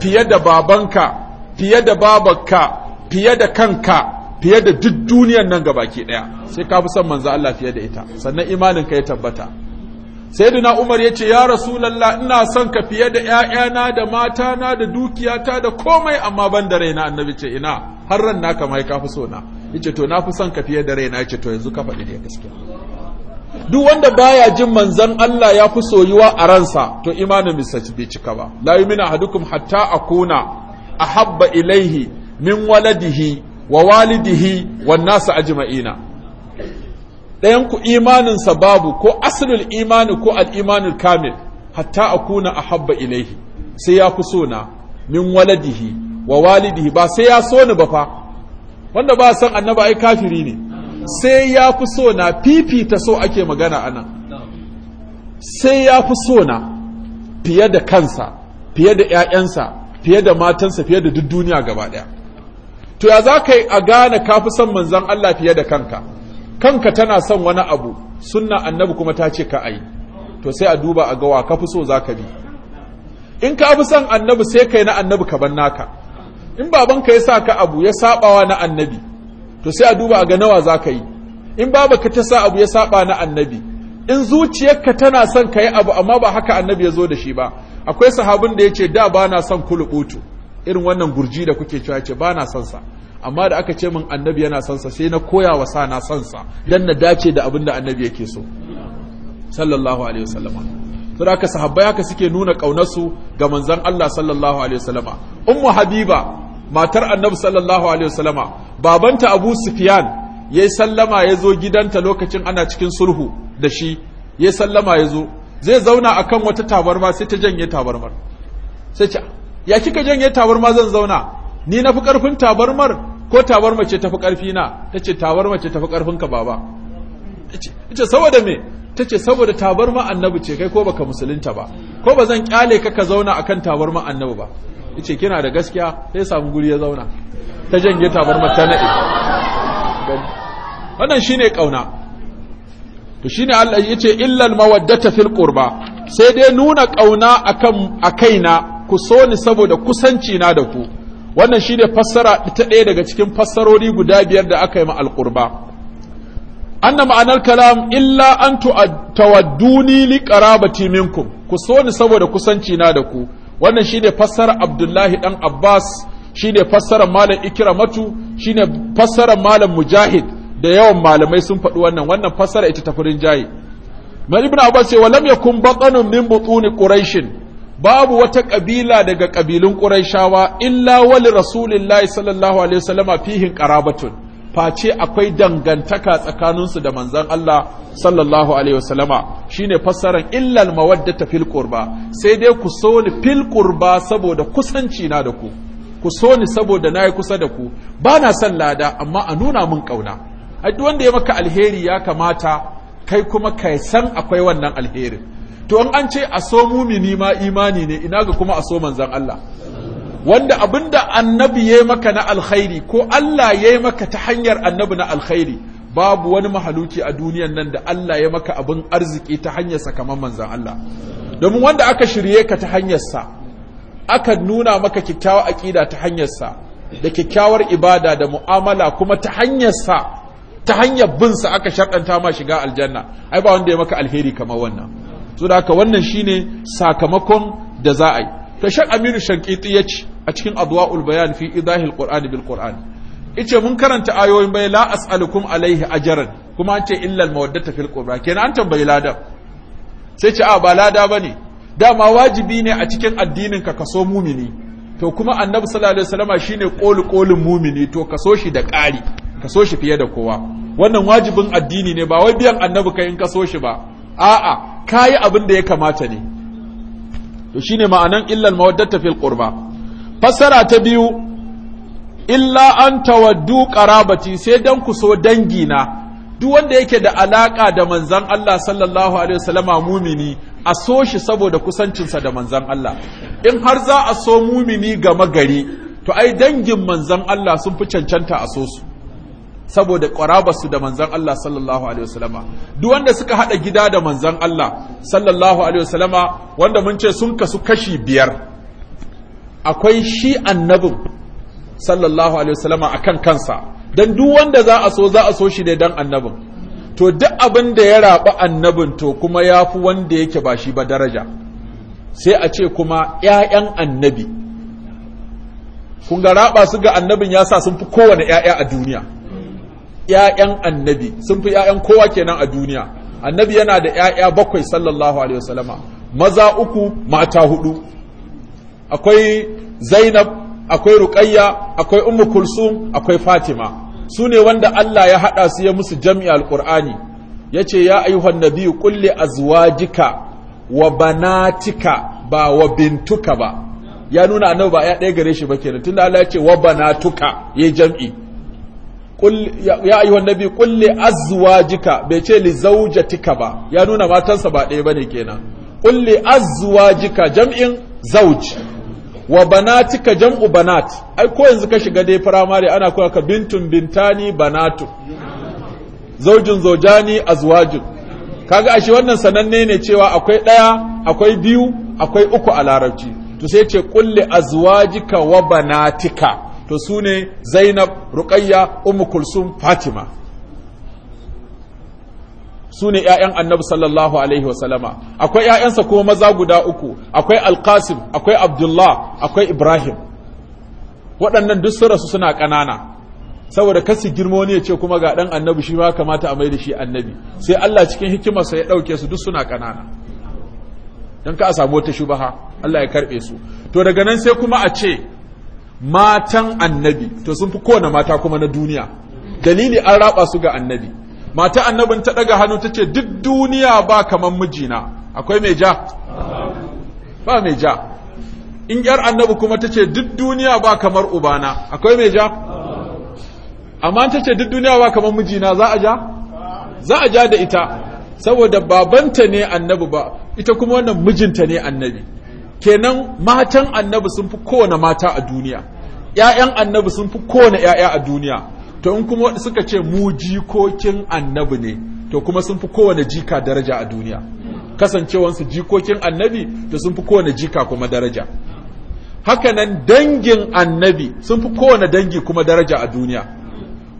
fiye da babanka fiye da babanka fiye da kanka fiye da duk duniyan nan gabaki daya sai ka fi son manzan Allah fiye da ita sannan imanin ka ya tabbata sayyidina Umar ya ce ya rasu rasulallah ina son ka fiye da 'ya'yana da matana da dukiyata da komai amma ban da raina annabi ce ina har ran naka mai ka fi so na yace to na son ka fiye da raina yace to yanzu ka faɗi ne gaskiya duk wanda baya jin manzon Allah ya fi soyuwa a ransa to imanin bai cika ba la yumina hadukum hatta akuna ahabba ilaihi min waladihi wa walidihi wan nas ajma'ina Dayan ku imaninsa babu ko aslul imani ko al-imanul kamil hatta akuna ahabba ilaihi sai ya fi so na min waladihi wa walidihi ba sai ya so ni ba fa wanda ba san annaba ai kafiri ne sai ya fi so na fifita so ake magana anan sai ya fi so na fiye da kansa fiye da ‘ya'yansa fiye da matansa fiye da duk duniya gaba ɗaya to ya za ka yi a gane ka fi son manzan Allah fiye da kanka kanka tana son wani abu sunna annabi kuma ta ce ka ayi to sai a duba a ga wa ka fi so za ka bi in ka fi son annabi sai kai na annabi ka bar naka in babanka ya sa ka abu ya sabawa na annabi to sai a duba a ga nawa za ka yi in babaka ta sa abu ya saba na annabi in zuciyarka tana son ka yi abu amma ba haka annabi ya zo da shi ba akwai sahabin da ya ce da ba na son kulubutu irin wannan gurji da kuke cewa ce ba na son sa amma da aka ce min annabi yana son sa sai na koya wa sa na son sa dan na dace da abin da annabi yake so sallallahu alaihi wasallam to da aka sahabbai haka suke nuna kaunar su ga manzon Allah sallallahu alaihi wasallam ummu habiba matar annabi sallallahu alaihi wasallama babanta abu sufyan yayi sallama ya zo gidanta lokacin ana cikin sulhu da shi yayi sallama ya zo zai zauna akan wata tabarma sai ta janye tabarmar sai ce ya kika janye tabarma zan zauna ni na fi karfin tabarmar ko tabarma ce tafi karfi na tace tabarma ce tafi karfin ka baba tace saboda me tace saboda tabarma annabi ce kai ko baka musulunta ba ko bazan kyale ka ka zauna akan tabarma annabi ba yace kina da gaskiya sai samu guri ya zauna ta janye tabarmar mata nade wannan shine kauna to shine Allah yace illal mawaddata fil qurba sai dai nuna kauna akan akaina ku so ni saboda kusanci na da ku wannan shine fassara ta ɗaya daga cikin fassarori guda biyar da aka yi ma alqurba anna ma'anar kalam illa an tawadduni li qarabati minkum ku so ni saboda kusanci na da ku wannan shine fassara abdullahi dan abbas shine fassara malam ikramatu shine fassara malam mujahid da yawan malamai sun faɗi wannan wannan fassara ita ta furin jayi mai ibn abbas ce walam yakun batanun min butuni quraish babu wata ƙabila daga kabilun quraishawa illa wali rasulillahi sallallahu alaihi wasallama fihin qarabatun face akwai dangantaka tsakaninsu da manzon Allah sallallahu alaihi wasallama shine fassaran illal mawaddata fil qurba sai dai ku so ni fil qurba saboda kusanci na da ku ku so ni saboda nayi kusa da ku ba na son lada amma a nuna mun ƙauna. ai wanda ya maka alheri ya kamata kai kuma kai san akwai wannan alherin to an an ce a so mumini ma imani ne ina ga kuma a so manzon Allah wanda abinda annabi ya maka na alkhairi ko Allah ya maka ta hanyar annabi na alkhairi babu wani mahaluki a duniyan nan da Allah ya maka abin arziki ta hanyar sa kamar manzan Allah domin wanda aka shirye ka ta hanyar aka nuna maka kyakkyawar aƙida ta hanyar da kyakkyawar ibada da mu'amala kuma ta hanyar sa ta hanyar bin sa aka sharɗanta ma shiga aljanna ai ba wanda ya maka alheri kamar wannan so da haka wannan shine sakamakon da za a yi Tashar aminu shankiti ya ce a cikin adwa'ul bayan fi idahil qur'ani bil qur'ani. ice mun karanta ayoyin bai la as'alukum alaihi ajran kuma an ce illa mawaddata fil qurba kenan an tambayi lada sai ce a ba lada bane dama wajibi ne a cikin addinin ka kaso mumini to kuma annabi sallallahu alaihi wasallama shine qolu qolin mumini to kaso shi da ƙari kaso shi fiye da kowa wannan wajibin addini ne ba wai biyan annabi kai in kaso shi ba a'a kayi abin da ya kamata ne to shine ma'anan illal mawaddata fil qurba fassara ta biyu illa an tawaddu qarabati sai dan ku so dangi na duk wanda yake da alaka da manzon Allah sallallahu alaihi wasallama mumini a so shi saboda kusancinsa da manzon Allah in har za a so mumini gama gari to ai dangin manzon Allah sun fi cancanta a so su saboda ƙwarabarsu da manzan Allah sallallahu alaihi wasallama duk wanda suka haɗa gida da manzan Allah sallallahu alaihi wasallama wanda mun ce sun kasu kashi biyar akwai shi annabin sallallahu alaihi wasallama akan kansa Don duk wanda za a so za a so shi ne don annabin to duk abin da ya raba annabin to kuma ya fi wanda yake ba shi ba daraja sai a ce kuma ‘ya'yan annabi kun ga raɓa su ga annabin ya sa sun fi kowane ‘ya'ya a duniya ‘ya'yan annabi sun fi ‘ya'yan kowa kenan a duniya annabi yana da ‘ya'ya bakwai sallallahu alaihi wasallama maza uku mata hudu akwai zainab akwai ruqayya akwai ummu kulsum akwai fatima su ne wanda Allah ya hada su ya musu jami'a alqur'ani ya ce ya ayyuhan nabiyu kulli azwajika wa banatika ba wa bintuka ba ya nuna annabi ba ya ɗaya gare shi ba kenan tunda Allah ya ce wa banatuka yayi jam'i ya ayyuhan nabi qul azwajika bai ce li tika ba ya nuna matansa ba ɗaya ba bane kenan qul azwajika jam'in zauj. wa banatika jam'u banat ai ko yanzu ka shiga dai firamare ana koya ka bintun bintani banatu zaujin zaujani azwajun kaga ashe wannan sananne ne cewa akwai ɗaya akwai biyu akwai uku a larabci to sai ce qul zuwa azwajika wa banatika to su ne zainab ruƙayya ummu fatima su ne ‘ya'yan annabi sallallahu Alaihi wasallama akwai ‘ya'yansa kuma maza guda uku akwai alkasim akwai abdullah akwai ibrahim waɗannan duk rasu suna ƙanana saboda kasi girmo ne ce kuma ga ɗan annabi shi ma kamata a mai da shi annabi sai Allah cikin hikimarsa ya ɗauke su duk suna ƙanana don ka a samu wata shubaha Allah ya karɓe su to daga nan sai kuma a ce matan annabi to sun fi kowane mata kuma na duniya dalili an raba su ga annabi mata annabin ta daga hannu ta ce duk duniya ba kaman mijina akwai mai ja ba mai ja in yar annabi kuma ta ce duk duniya ba kamar ubana akwai mai ja amma ta ce duk duniya ba kamar mijina za a ja za a ja da ita saboda babanta ne annabi ba ita kuma wannan mijinta ne annabi kenan matan annabi sun fi kowane mata a duniya ‘ya'yan annabi sun fi kowane ‘ya'ya a duniya to in kuma suka ce mu jikokin annabi ne to kuma sun fi kowane jika daraja a duniya kasancewansu jikokin annabi to sun fi kowane jika kuma daraja hakanan dangin annabi sun fi kowane dangi kuma daraja a duniya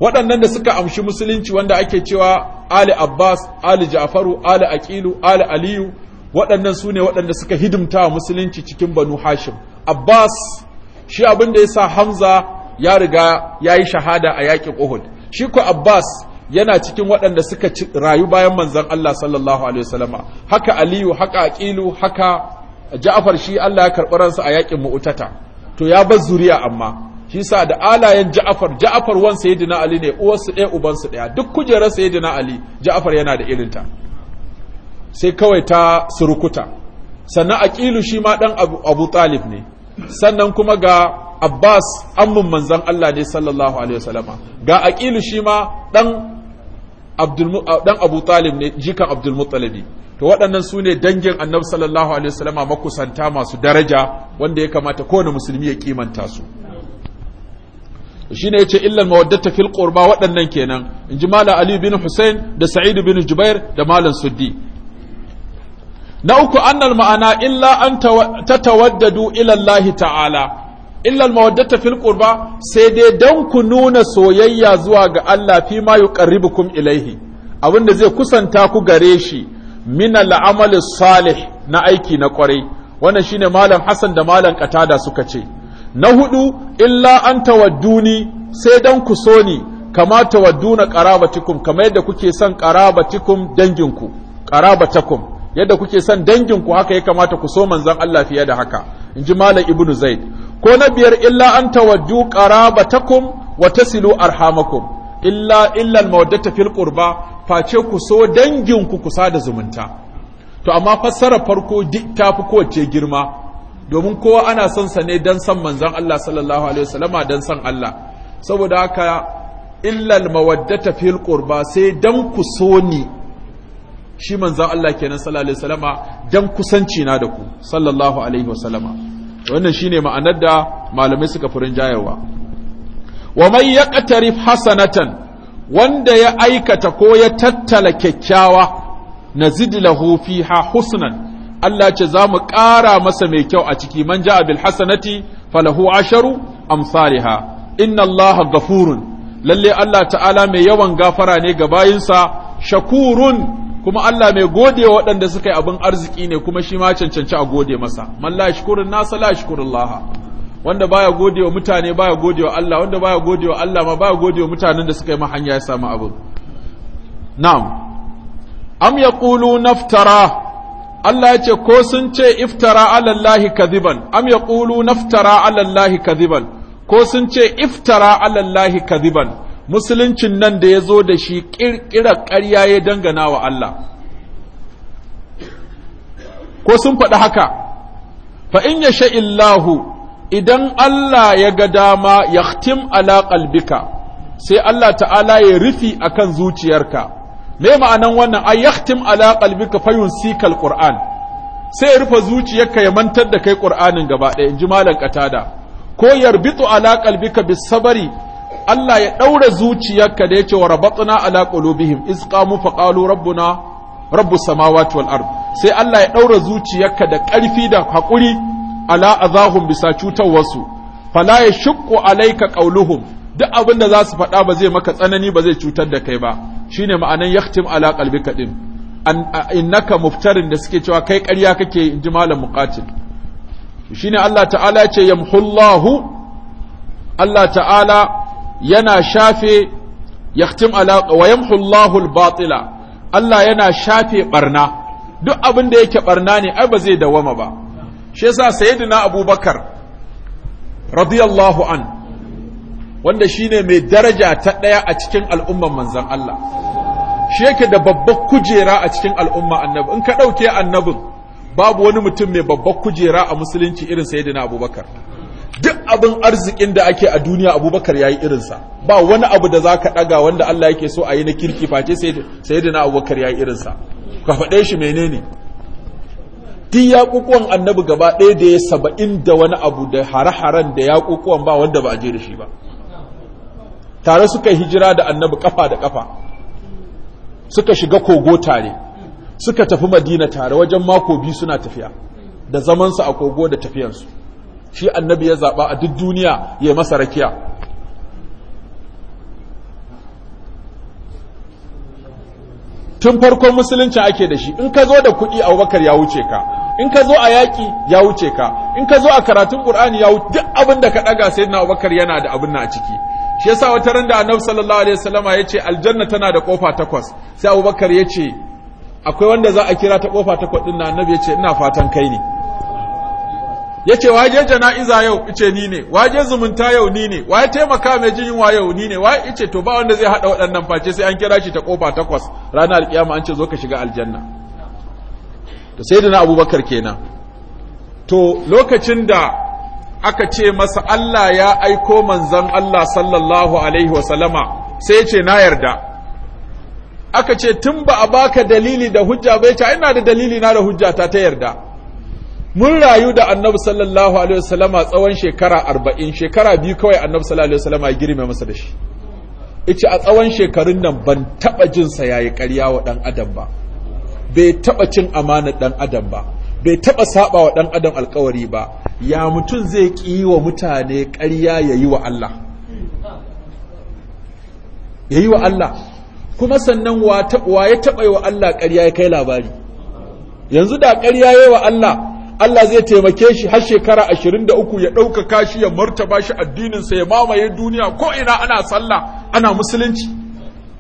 waɗannan da suka amshi musulunci wanda ake cewa ali abbas ali ja'faru ali aqilu ali aliyu waɗannan su ne waɗanda suka hidimta wa musulunci cikin banu hashim abbas shi abin da ya sa hamza ya riga ya yi shahada a yaƙin uhud shi ko abbas yana cikin waɗanda suka rayu bayan manzan allah sallallahu alaihi wasallama haka aliyu haka aqilu haka ja'far shi allah ya karɓi ransa a yaƙin mu'utata to ya bar zuriya amma shi sa da alayen ja'afar ja'afar wan sayyidina ali ne uwarsu ɗaya ubansu ɗaya duk kujerar sayyidina ali ja'afar yana da irinta sai kawai ta surukuta sannan aqilu shi ma dan abu, talib ne sannan kuma ga abbas ammun manzan Allah ne sallallahu alaihi wasallama ga aqilu shi ma dan abdul dan abu talib ne jikan abdul muttalibi to waɗannan su ne dangin annabi sallallahu alaihi wasallama makusanta masu daraja wanda ya kamata kowane musulmi ya kimanta su shine yace illal mawaddata fil qurba waɗannan kenan inji mala ali bin husain da sa'id bin jubair da malam suddi na uku annal ma'ana illa an tatawaddadu ila Allah ta'ala illa al-mawaddata fil qurba sai dai dan ku nuna soyayya zuwa ga Allah fi ma yuqarribukum ilaihi da zai kusanta ku gare shi min al salih na aiki na kwarai wannan shine malam Hassan da malam Qatada suka ce na hudu illa an tawadduni sai dan ku so ni kama tawadduna qarabatikum kamar yadda kuke son qarabatikum danginku qarabatakum yadda kuke son danginku haka ya kamata ku so manzon Allah fiye da haka in ji malam ibnu zaid ko na biyar illa an tawaddu qarabatakum wa tasilu arhamakum illa illa almawaddata fil qurba face ku so danginku ku sada zumunta to amma fassara farko ta fi kowace girma domin kowa ana son sa ne dan san manzon Allah sallallahu alaihi wasallama dan san Allah saboda haka illa almawaddata fil qurba sai dan ku so ni shi manzan Allah kenan sallallahu alaihi wasallama dan kusanci na da ku sallallahu alaihi wasallama wannan shine ma'anar da malamai suka furin jayewa wa man yaqtarif hasanatan wanda ya aikata ko ya tattala kyakkyawa nazid lahu fiha husnan Allah ce za mu ƙara masa mai kyau a ciki man ja'a bil hasanati falahu asharu amsalha inna Allah gafurun lalle Allah ta'ala mai yawan gafara ne ga bayinsa shakurun kuma Allah mai gode wa waɗanda suka yi abin arziki ne kuma shi ma cancanci a gode masa man la yashkurun nasa la laha. wanda baya gode wa mutane baya gode wa Allah wanda baya gode wa Allah ma baya gode wa mutanen da suka yi mahanya ya samu abin na'am am yaqulu naftara Allah ya ce ko sun ce iftara ala Allah kadhiban am yaqulu naftara ala Allah kadhiban ko sun ce iftara ala Allah kadhiban musuluncin nan da ya zo da shi ƙirƙirar ƙarya ya dangana wa Allah ko sun faɗi haka fa in ya sha'illahu idan Allah ya ga dama ya ala qalbika sai Allah ta'ala ya rufi akan zuciyarka me ma'anan wannan ay yahtim ala qalbika sikal qur'an sai ya rufe zuciyarka ya mantar da kai qur'anin gaba ɗaya ji malam qatada ko yarbitu ala qalbika bisabari sabari Allah ya ɗaura zuciyarka da ya ce wa rabatuna ala qulubihim iz qamu fa qalu rabbuna rabbus samawati wal ard sai Allah ya ɗaura zuciyarka da ƙarfi da haƙuri ala azahum bisa wasu fala ya shukku alaika qauluhum duk abin da za su faɗa ba zai maka tsanani ba zai cutar da kai ba shine ma'anan yaktim ala qalbika din innaka muftarin da suke cewa kai ƙarya kake in ji malam muqatil shine Allah ta'ala ya ce yamhullahu Allah ta'ala yana shafe yaktim alaƙa wa yamhu batila Allah yana shafe ɓarna. duk abin da yake ɓarna ne ai ba zai dawama ba shi yasa sayyidina Abubakar radiyallahu an wanda shine mai daraja ta ɗaya a cikin al'umman manzon Allah shi yake da babbar kujera a cikin al'umma annabi in ka ɗauke annabin babu wani mutum mai babbar kujera a musulunci irin sayyidina Abubakar duk abin arzikin da ake a duniya abubakar ya yi irinsa ba wani abu da za ka ɗaga wanda Allah yake so a yi na kirki face sai da na abubakar ya yi irinsa ka faɗe shi menene duk ƙuƙuwan annabi gaba ɗaya da ya saba'in da wani abu da hare-haren da ya ƙuƙuwan ba wanda ba a je da shi ba tare suka hijira da annabi kafa da kafa suka shiga kogo tare suka tafi madina tare wajen mako biyu suna tafiya da zamansa a kogo da tafiyansu shi annabi ya zaba a duk duniya ya masa rakiya tun farkon musulunci ake da shi in ka zo da kuɗi abubakar ya wuce ka in ka zo a yaƙi ya wuce ka in ka zo a karatun ƙur'ani ya wuce duk abin da ka ɗaga sai na abubakar yana da abin na a ciki shi yasa wata randa a annabi sallallahu alaihi wasallama ya ce aljanna tana da ƙofa takwas sai abubakar ya ce akwai wanda za a kira ta ƙofa takwas ɗin na annabi ya ce ina fatan kai ne ya ce waje jana'iza yau ice ni ne waje zumunta yau ni ne waye taimaka mai jin yunwa yau ni ne waye ice to ba wanda zai hada waɗannan face sai an kira shi ta ƙofa takwas ranar alƙiyama an ce zo ka shiga aljanna to sai da na abubakar kenan to lokacin da aka ce masa Allah ya aiko manzan Allah sallallahu alaihi wa sallama sai ce na yarda aka ce tun ba a baka dalili da hujja bai ce ina da dalili na da hujja ta ta yarda mun rayu da annabi sallallahu alaihi a tsawon shekara arba'in shekara biyu kawai annabi sallallahu alaihi wasallam ya girme masa da shi ice a tsawon shekarun nan ban taɓa jinsa ya yi ƙarya wa ɗan adam ba bai taba cin amanar ɗan adam ba bai taɓa saɓa wa ɗan adam alkawari ba ya mutum zai ƙi wa mutane ƙarya ya yi wa Allah ya wa Allah kuma sannan wa ya taɓa wa Allah ƙarya ya kai labari yanzu da ƙarya ya yi wa Allah Allah zai taimake shi har shekara 23 ya ɗaukaka shi ya martaba shi addinin sa ya mamaye duniya ko ina ana sallah ana musulunci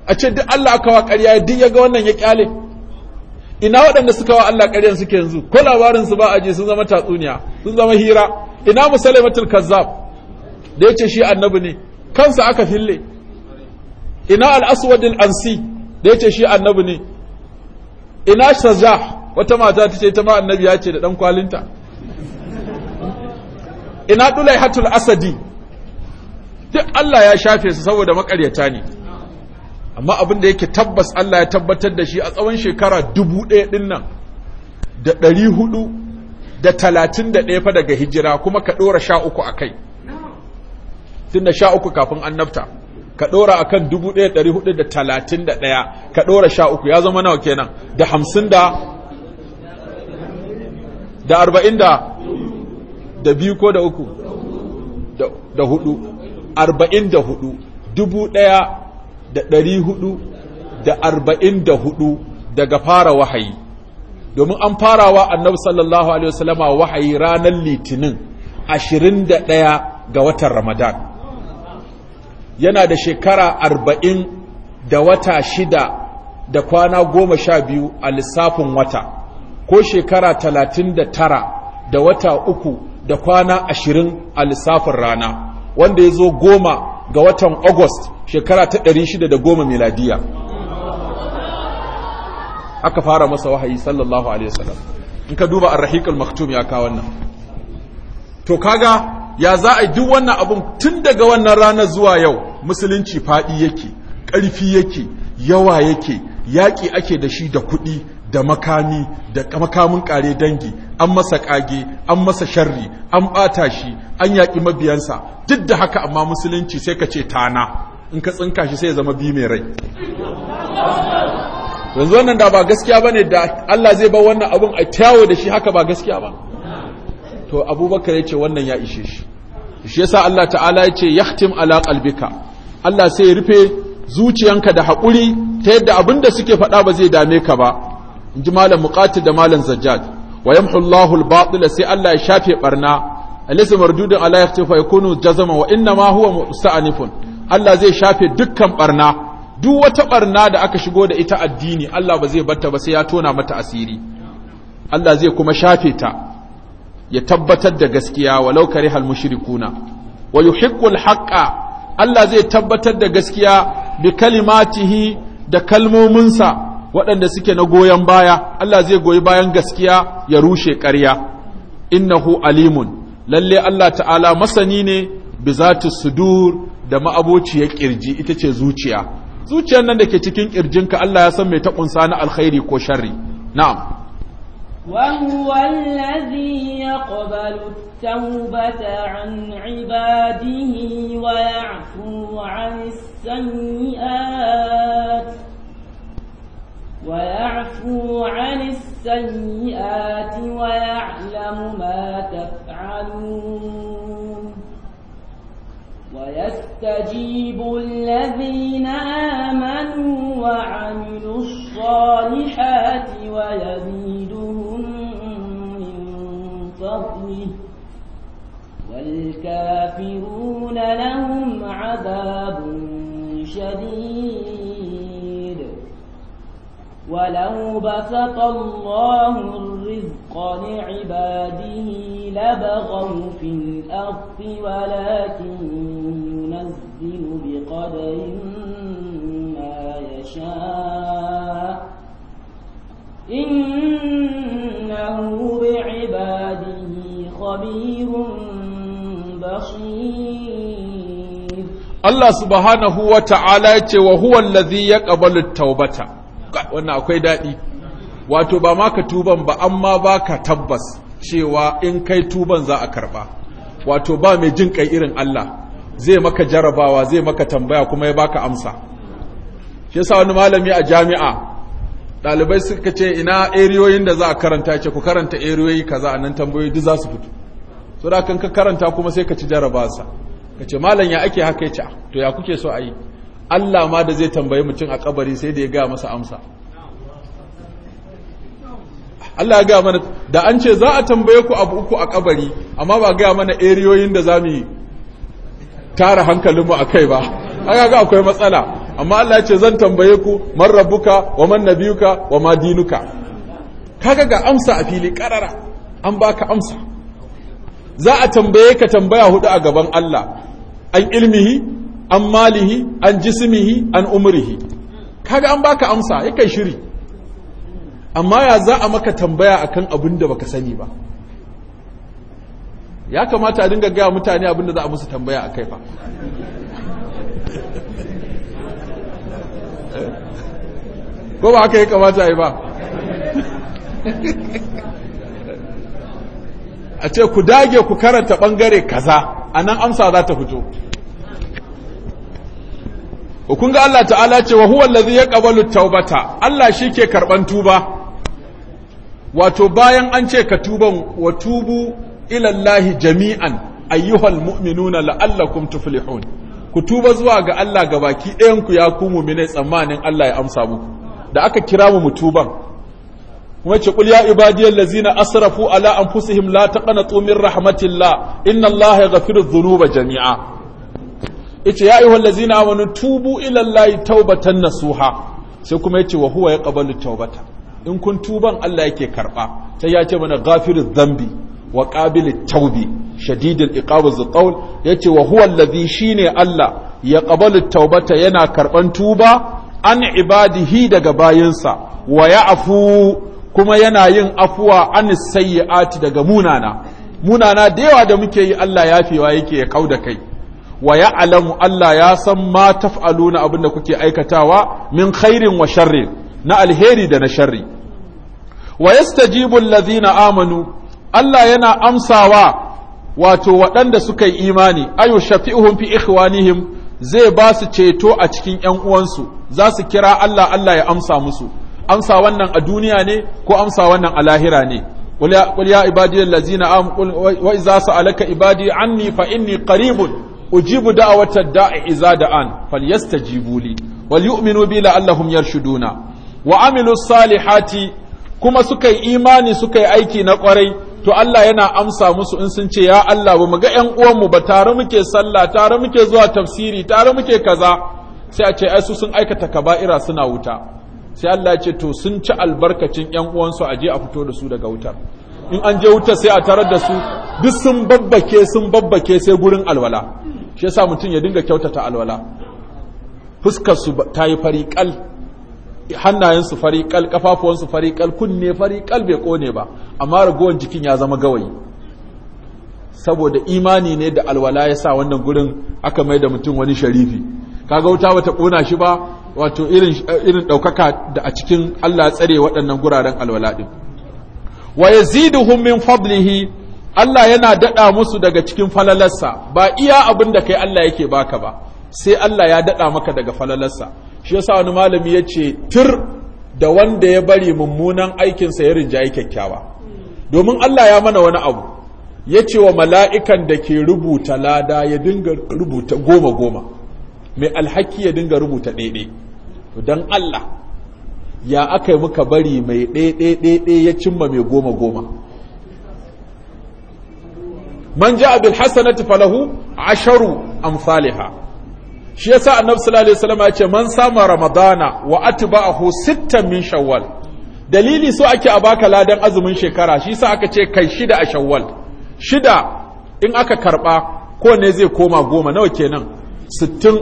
a ce duk Allah aka wa ƙarya duk ya ga wannan ya kyale ina waɗanda suka wa Allah ƙaryan suke yanzu ko labarin su ba a je sun zama tatsuniya sun zama hira ina musalimatul kazzab da yace shi annabi ne kansa aka fille ina al-aswadul ansi da yace shi annabi ne ina shazah wata mata ta ce ta ma annabi ya ce da dan kwalinta ina hatul asadi duk Allah ya shafe su saboda makaryata ne amma abin da yake tabbas Allah ya tabbatar da shi a tsawon shekara dubu ɗaya ɗin nan da ɗari hudu da talatin da ɗaya fa daga hijira kuma ka ɗora sha uku a kai tun da sha uku kafin annabta ka ɗora a kan dubu ɗaya ɗari hudu da talatin da ɗaya ka ɗora sha uku ya zama nawa kenan da hamsin da da arba'in da da biyu ko da uku da hudu arba'in da hudu dubu daya da dari hudu da arba'in da hudu daga fara wahayi domin an fara farawa annabi sallallahu alaihi wasallama wahayi ranar litinin ashirin da daya ga watan ramadan yana da shekara arba'in da wata shida da kwana goma sha biyu a lissafin wata ko shekara talatin da tara da wata uku da kwana ashirin a lissafin rana wanda ya zo goma ga watan august shekara ta ɗari shida da goma miladiya aka fara masa wahayi sallallahu alaihi wasallam in ka duba ar al-maktum ya kawo wannan to kaga ya za a yi duk wannan abun tun daga wannan ranar zuwa yau musulunci fadi yake ƙarfi yake yawa yake yaƙi ake da shi da kuɗi da makami da makamin kare dangi an masa kage an masa sharri an bata shi an yaƙi mabiyansa duk da haka amma musulunci sai ka ce tana in ka tsinka shi sai ya zama bi mai rai yanzu wannan da ba gaskiya bane da Allah zai ba wannan abun a tawo da shi haka ba gaskiya ba to abubakar ya ce wannan ya ishe shi shi yasa Allah ta'ala ya ce yahtim ala qalbika Allah sai ya rufe zuciyanka da haƙuri ta yadda abin da suke faɗa ba zai dame ka ba in ji malam muqatil da malam zajjad wa yamhu Allahu al sai Allah ya shafe barna alaysa mardudun ala fa yakunu jazama wa inna ma huwa musta'anifun Allah zai shafe dukkan barna duk wata barna da aka shigo da ita addini Allah ba zai batta ba sai ya tona mata asiri Allah zai kuma shafe ta ya tabbatar da gaskiya walau karihal mushrikuna wa yuhiqqul haqqa Allah zai tabbatar da gaskiya bi kalimatihi da kalmominsa waɗanda suke na goyon baya Allah zai goyi bayan gaskiya ya rushe ƙarya innahu alimun lalle Allah ta'ala masani ne bi zati sudur da ma'abociyar kirji ita ce zuciya zuciyar nan da ke cikin kirjinka Allah ya san mai ta kunsa na alkhairi ko sharri na'am وهو الذي يقبل التوبة عن عباده ويعفو عن السيئات ويعفو عن السيئات ويعلم ما تفعلون ويستجيب الذين آمنوا ولو بسط الله الرزق لعباده لبغوا في الأرض ولكن ينزل بقدر ما يشاء إنه بعباده خبير بصير الله سبحانه وتعالى وهو الذي يقبل التوبة wannan akwai daɗi wato ba ma ka tuban ba amma ba ka tabbas cewa in kai tuban za a karɓa wato ba mai jin kai irin Allah zai maka jarabawa zai maka tambaya kuma ya baka amsa shi yasa wani malami a jami'a ɗalibai suka ce ina eriyoyin da za a karanta ce ku karanta eriyoyi kaza nan tambayoyi duk za su fito so da kan ka karanta kuma sai ka ci jarabansa ka ce malam ya ake haka ya ce ah, to ya kuke so a yi Allah ma da zai tambaye mutum a kabari sai da ya ga masa amsa Allah ya ga mana da an ce za a tambaye ku abu uku a kabari amma ba ga mana eriyoyin da zamu tara hankalinmu akai ba aka ga akwai matsala amma Allah ya ce zan tambaye ku man rabbuka wa man nabiyuka wa ma dinuka kaga ga amsa a fili karara an baka amsa za a tambaye ka tambaya hudu a gaban Allah an ilmihi an malihi an jismihi an umrihi kaga an baka amsa ya kai shiri amma ya za a maka tambaya akan abin da baka sani ba ya kamata a dinga gaya mutane abin da za a musu tambaya a kai fa ko ba haka ya kamata a yi ba a ce ku dage ku karanta bangare kaza a nan amsa za ta fito kun ga Allah ta'ala ce wa huwa allazi yaqbalu taubata Allah shike karban tuba wato bayan an ce ka tuban wa tubu ila Allahi jami'an ayyuhal mu'minuna la'allakum tuflihun ku tuba zuwa ga Allah gabaki ɗayan ku ya ku mu'mine tsammanin Allah ya amsa mu. da aka kira mu mutuban kuma ce qul ya ibadiyal ladzina asrafu ala anfusihim la taqnatu min rahmatillah inna Allaha yaghfiru dhunuba jami'a ita ya ayyuhal ladzina amanu tubu ila allahi taubatan nasuha sai kuma yace wa huwa yaqbalu taubata in kun tuban Allah yake karɓa. sai ya ce mana ghafirudh dhanbi wa qabilut tawbi shadidul iqab ya yace wa huwa allazi shine Allah ya qabalu taubata yana karɓan tuba an ibadihi daga bayansa. wa afu kuma yana yin afuwa an sayyi'ati daga munana munana da yawa da muke yi Allah yafewa yake ya da kai wa alamu Allah ya san ma taf'aluna da kuke aikatawa min khairin wa sharri na alheri da na sharri wa yastajibu alladhina amanu Allah yana amsawa wato waɗanda suka yi imani ayu shafi'uhum fi ikhwanihim zai ba su ceto a cikin ƴan uwansu za su kira Allah Allah ya amsa musu amsa wannan a duniya ne ko amsa wannan a lahira ne qul ya ibadiyallazina amanu wa iza sa'alaka ibadi anni fa inni qaribun ujibu da'awata da'i iza da'an falyastajibu li wal yu'minu bi la'allahum yarshuduna wa amilu salihati kuma suka yi imani suka yi aiki na kwarai to Allah yana amsa musu in sun ce ya Allah ba mu ga ƴan uwanmu ba tare muke sallah tare muke zuwa tafsiri tare muke kaza sai a ce ai su sun aikata kaba'ira suna wuta sai Allah ya ce to sun ci albarkacin ƴan uwansu a je a fito da su daga wutar in an je wuta sai a tarar da su duk sun babbake sun babbake sai gurin alwala shi yasa mutum ya dinga kyautata alwala fuskar su ta yi fariƙal hannayen su fariƙal kafafuwan su fariƙal kunne fariƙal bai kone ba amma ragowar jikin ya zama gawayi saboda imani ne da alwala ya sa wannan gurin aka mai da mutum wani sharifi kaga wuta bata kona shi ba wato irin ɗaukaka da a cikin Allah tsare waɗannan guraren alwala ɗin wa yaziduhum min fadlihi Allah yana daɗa musu daga cikin falalarsa ba iya abin da kai Allah yake baka ba sai Allah ya daɗa maka daga falalarsa shi yasa wani malami ya ce tur da wanda ya bari mummunan aikinsa ya rinjayi kyakkyawa domin Allah ya mana wani abu ya ce wa mala'ikan da ke rubuta lada ya dinga rubuta goma goma mai alhaki ya dinga rubuta ɗaiɗai don Allah ya aka yi muka bari mai ɗaiɗaiɗaiɗe ya cimma mai goma goma man ja abin Hassanatu falahu asharu amsaliha shi yasa annabi sallallahu alaihi wasallam ya ce man sama ramadana wa atba'ahu sittan min shawwal dalili so ake a baka ladan azumin shekara shi yasa aka ce kai shida a shawwal shida in aka karba ko ne zai koma goma nawa kenan sittin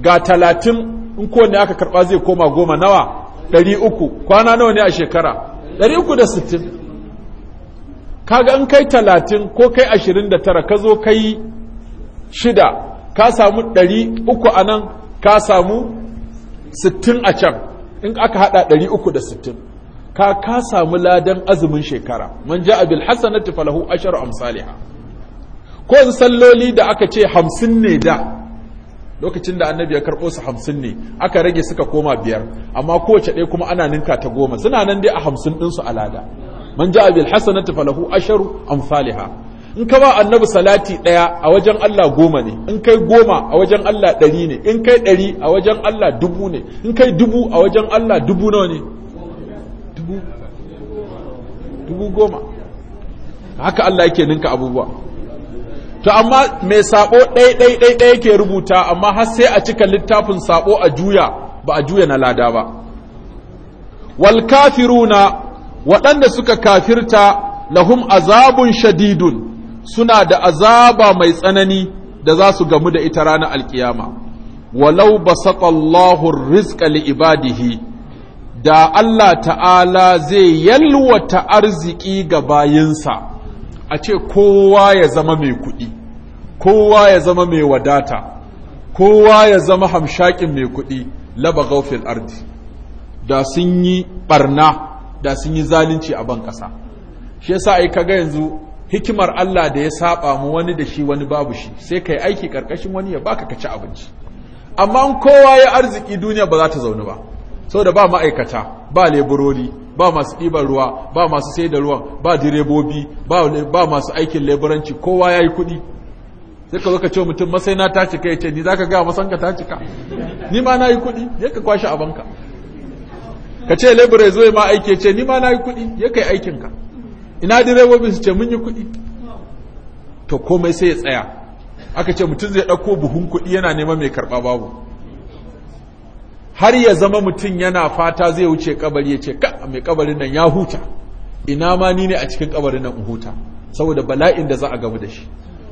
ga talatin in ko aka karba zai koma goma nawa 300 kwana nawa ne a shekara 360 kaga in kai talatin ko kai ashirin 29 ka zo kai shida ka samu 300 a nan ka samu sittin a can in aka hada 360 ka ka samu ladan azumin shekara man ja'a bil hasanati falahu asharu amsalha ko salloli da aka ce hamsin ne da lokacin da annabi ya karɓo su hamsin ne aka rage suka koma biyar amma kowace ɗaya kuma ana ninka ta goma suna nan dai a hamsin ɗinsu a lada man ja abil hasanatu falahu asharu amsalha in ka ba annabi salati ɗaya a wajen Allah goma ne in kai goma a wajen Allah ɗari ne in kai ɗari a wajen Allah dubu ne in kai dubu a wajen Allah dubu nawa ne dubu dubu goma haka Allah yake ninka abubuwa to amma mai sabo ɗai ɗai ɗai ɗai ke rubuta amma har sai a cika littafin sabo a juya ba a juya na lada ba wal kafiruna waɗanda suka kafirta lahum azabun shadidun suna da azaba mai tsanani da za su gamu da ita ranar alkiyama walau basaqa Allahu rizqa li ibadihi da Allah ta'ala zai yalwata arziki ga bayinsa a ce kowa ya zama mai kuɗi kowa ya zama mai wadata kowa ya zama hamshakin mai kuɗi laba gaufil ardi da sun yi barna da sun yi zalunci a ban ƙasa shi yasa ai kaga yanzu hikimar Allah da ya saba mu wani da shi wani babu shi sai kai aiki karkashin wani ya baka ka ci abinci amma kowa ya arziki duniya ba za ta zaune ba da ba ma'aikata ba leburori ba masu ɗiban ruwa ba masu sai da ruwa ba direbobi ba masu aikin leburanci kowa ya yi kuɗi sai ka zo ka ce mutum masai na ta cika ya ce ni za ka gaya masanka ta cika ni ma na yi kuɗi ya ka kwashe banka. ka ce lebura ya zo ya ma aiki ya ce ni ma na yi kuɗi ya kai aikinka ina direbobi su ce mun yi kuɗi to komai sai ya tsaya aka ce mutum zai ɗauko buhun kuɗi yana neman mai karɓa babu har ya zama mutum yana fata zai wuce kabari ya ce mai kabarin nan ya huta ina ma ni ne a cikin kabarin nan huta saboda bala'in da za a gamu da shi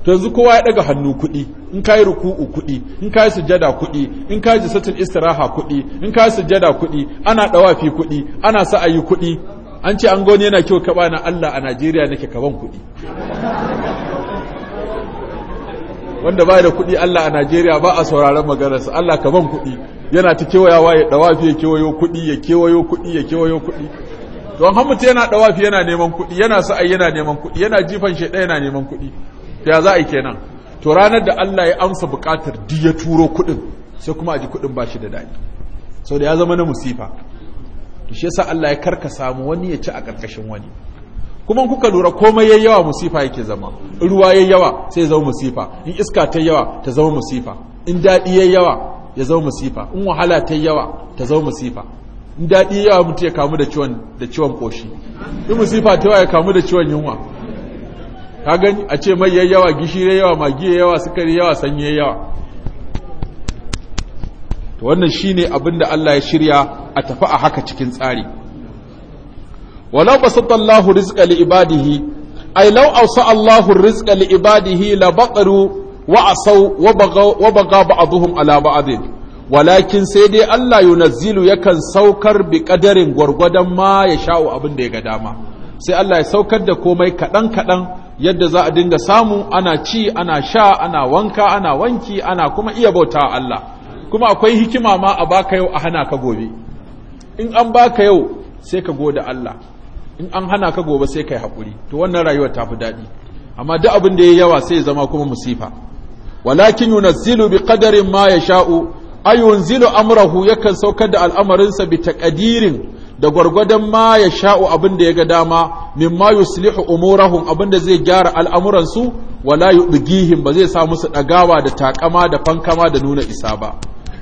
to yanzu kowa ya daga hannu kuɗi in kayi ruku'u kuɗi in kayi sujada kuɗi in kayi jisatin istiraha kuɗi in kayi sujada kuɗi ana dawafi kuɗi ana sa'ayi kuɗi an ce an goni yana kyau kaba na Allah a Najeriya nake kaban kuɗi wanda ba da kuɗi Allah a Najeriya ba a sauraron maganarsa Allah kaban kuɗi yana ta kewayawa ya dawafi ya kewayo kuɗi ya kewayo kuɗi ya kewayo kuɗi an har ta yana dawafi yana neman kuɗi yana sa'a yana neman kuɗi yana jifan shaidan yana neman kuɗi to ya za a yi kenan to ranar da Allah ya amsa buƙatar di ya turo kuɗin sai kuma a ji kuɗin ba shi da daɗi sau da ya zama na musifa to shi yasa Allah ya karka samu wani ya ci a ƙarƙashin wani kuma kuka lura komai yayi yawa musifa yake zama ruwa yayi yawa sai ya zama musifa in iska ta yawa ta zama musifa in daɗi yayi yawa ya zau masifa in wahala ta yawa ta zau masifa in daɗi yawa mutu ya kamu da ciwon da ciwon koshi in masifa ta yawa ya kamu da ciwon yunwa ka gani a ce mai yawa gishiri yawa magi yawa sukari yawa sanyi yawa to wannan shine abin da Allah ya shirya a tafi a haka cikin tsari wala basatta Allahu rizqa li ibadihi ay law awsa Allahu rizqa li ibadihi la baqaru wa'asau wa a ba'aduhum ala ba'adin walakin sai dai Allah yunazzilu yakan saukar bi kadarin gwargwadon ma ya sha'u abin da ya ga dama sai Allah ya saukar da komai kaɗan kaɗan yadda za a dinga samu ana ci ana sha ana wanka ana wanki ana kuma iya bauta Allah kuma akwai hikima ma a baka yau a hana ka gobe in an baka yau sai ka goda Allah in an hana ka gobe sai kai haƙuri to wannan rayuwar ta fi daɗi amma duk abin da ya yawa sai zama kuma musifa walakin yunazzilu bi qadarin ma yasha'u ay amrahu yakan saukar da al'amarinsa bi taqdirin da gwargwadon ma ya sha'u abin da ya ga dama mimma yuslihu umurahum abin da zai gyara al'amuransu wala yudgihim ba zai sa musu ɗagawa da takama da fankama da nuna isa ba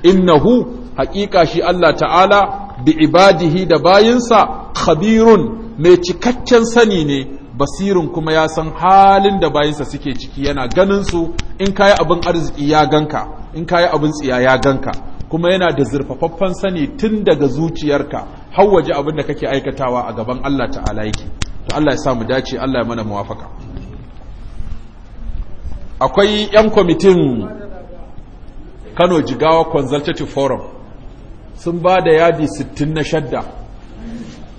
innahu haƙiƙa shi Allah ta'ala bi ibadihi da bayinsa khabirun mai cikakken sani ne basirin kuma ya san halin da bayansa suke ciki yana ganin su in kayi abin arziki ya ganka in kayi abin tsiya ya ganka kuma yana da zurfafaffen sani tun daga zuciyarka har waje abin da kake aikatawa a gaban Allah ta'ala yake to Allah ya samu dace Allah ya mana muwafaka akwai yan kwamitin Kano Jigawa Consultative Forum sun ba da yadi 60 na shadda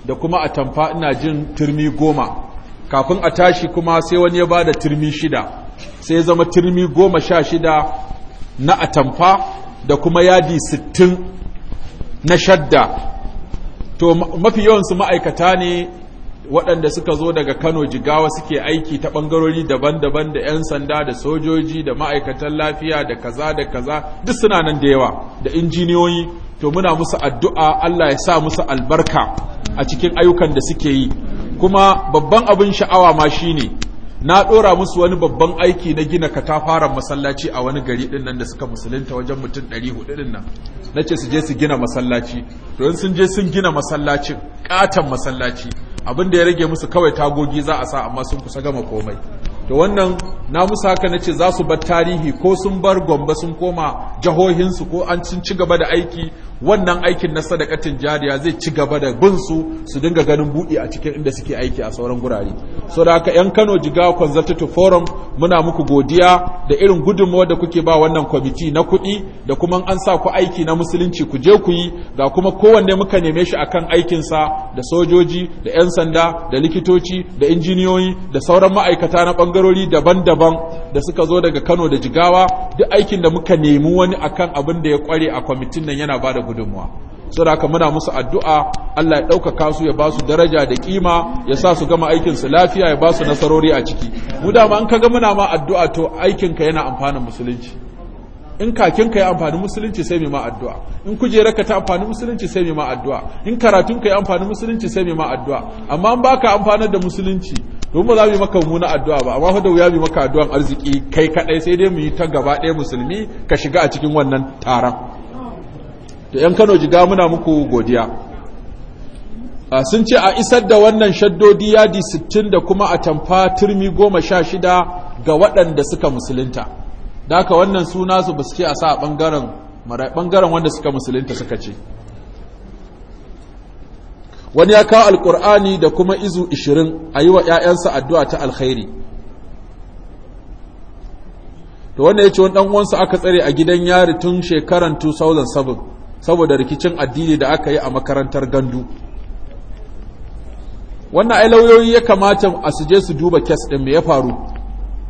da kuma a tamfa ina jin turmi goma kafin a tashi kuma sai wani ya ba da turmi shida sai zama turmi goma sha shida na atamfa da kuma yadi sittin na shadda to mafi yawansu ma'aikata ne waɗanda suka zo daga kano jigawa suke aiki ta ɓangarori daban-daban da 'yan sanda da sojoji da ma'aikatan lafiya da kaza da kaza duk suna nan da yawa da injiniyoyi to muna musu addu'a allah ya sa musu albarka a cikin ayyukan da suke yi kuma babban abin sha'awa ma shine na ɗora musu wani babban aiki na gina katafaren masallaci a wani gari ɗin nan da suka musulunta wajen mutum 400 ɗin nan na ce su je su gina masallaci don sun je sun gina masallacin ƙaton masallaci abin da ya rage musu kawai tagogi za a sa amma sun kusa gama komai to wannan na musa haka na ce za su bar tarihi ko sun bar gombe sun koma jahohinsu ko an cin ci gaba da aiki wannan aikin na sadakatin jariya zai ci gaba da bin su su dinga ganin buɗi a cikin inda suke aiki a sauran gurare so da haka 'yan kano jiga consultative forum muna muku godiya da irin gudunmawar da kuke ba wannan kwamiti na kuɗi da kuma an sa ku aiki na musulunci ku je ku yi ga kuma kowanne muka neme shi akan aikinsa da sojoji da 'yan sanda da likitoci da injiniyoyi da sauran ma'aikata na bangare. bangarori daban-daban da suka zo daga Kano da Jigawa duk aikin da muka nemi wani akan abin da ya kware a kwamitin nan yana bada gudunmuwa saboda haka muna musu addu'a Allah ya ɗaukaka su ya ba su daraja da kima ya sa su gama aikin su lafiya ya ba su nasarori a ciki mu da ma an kaga muna ma addu'a to aikin ka yana amfanin musulunci in kakin ka ya amfani musulunci sai mai ma addu'a in kujerar ka ta amfani musulunci sai mai ma addu'a in karatun ka ya amfani musulunci sai mai ma addu'a amma an baka amfanar da musulunci don ba za mu yi maka muna addu'a ba amma hudu da wuya mu maka addu'an arziki kai kaɗai, sai dai mu yi ta gaba ɗaya musulmi ka shiga a cikin wannan taron to yan Kano jiga muna muku godiya sun ce a isar da wannan shaddodi yadi sittin da kuma a tamfa turmi goma sha shida ga waɗanda suka musulunta da haka wannan suna su ba su ce a sa a ɓangaren wanda suka musulunta suka ce wani ya kawo alkur'ani da kuma izu 20 a yi wa 'ya'yansa addu'a ta alkhairi Da wanda ya ce wani uwansa aka tsare a gidan yari tun shekaran 2007 saboda rikicin addini da aka yi a makarantar gandu wannan ai ya kamata a suje su duba kes ɗin me ya faru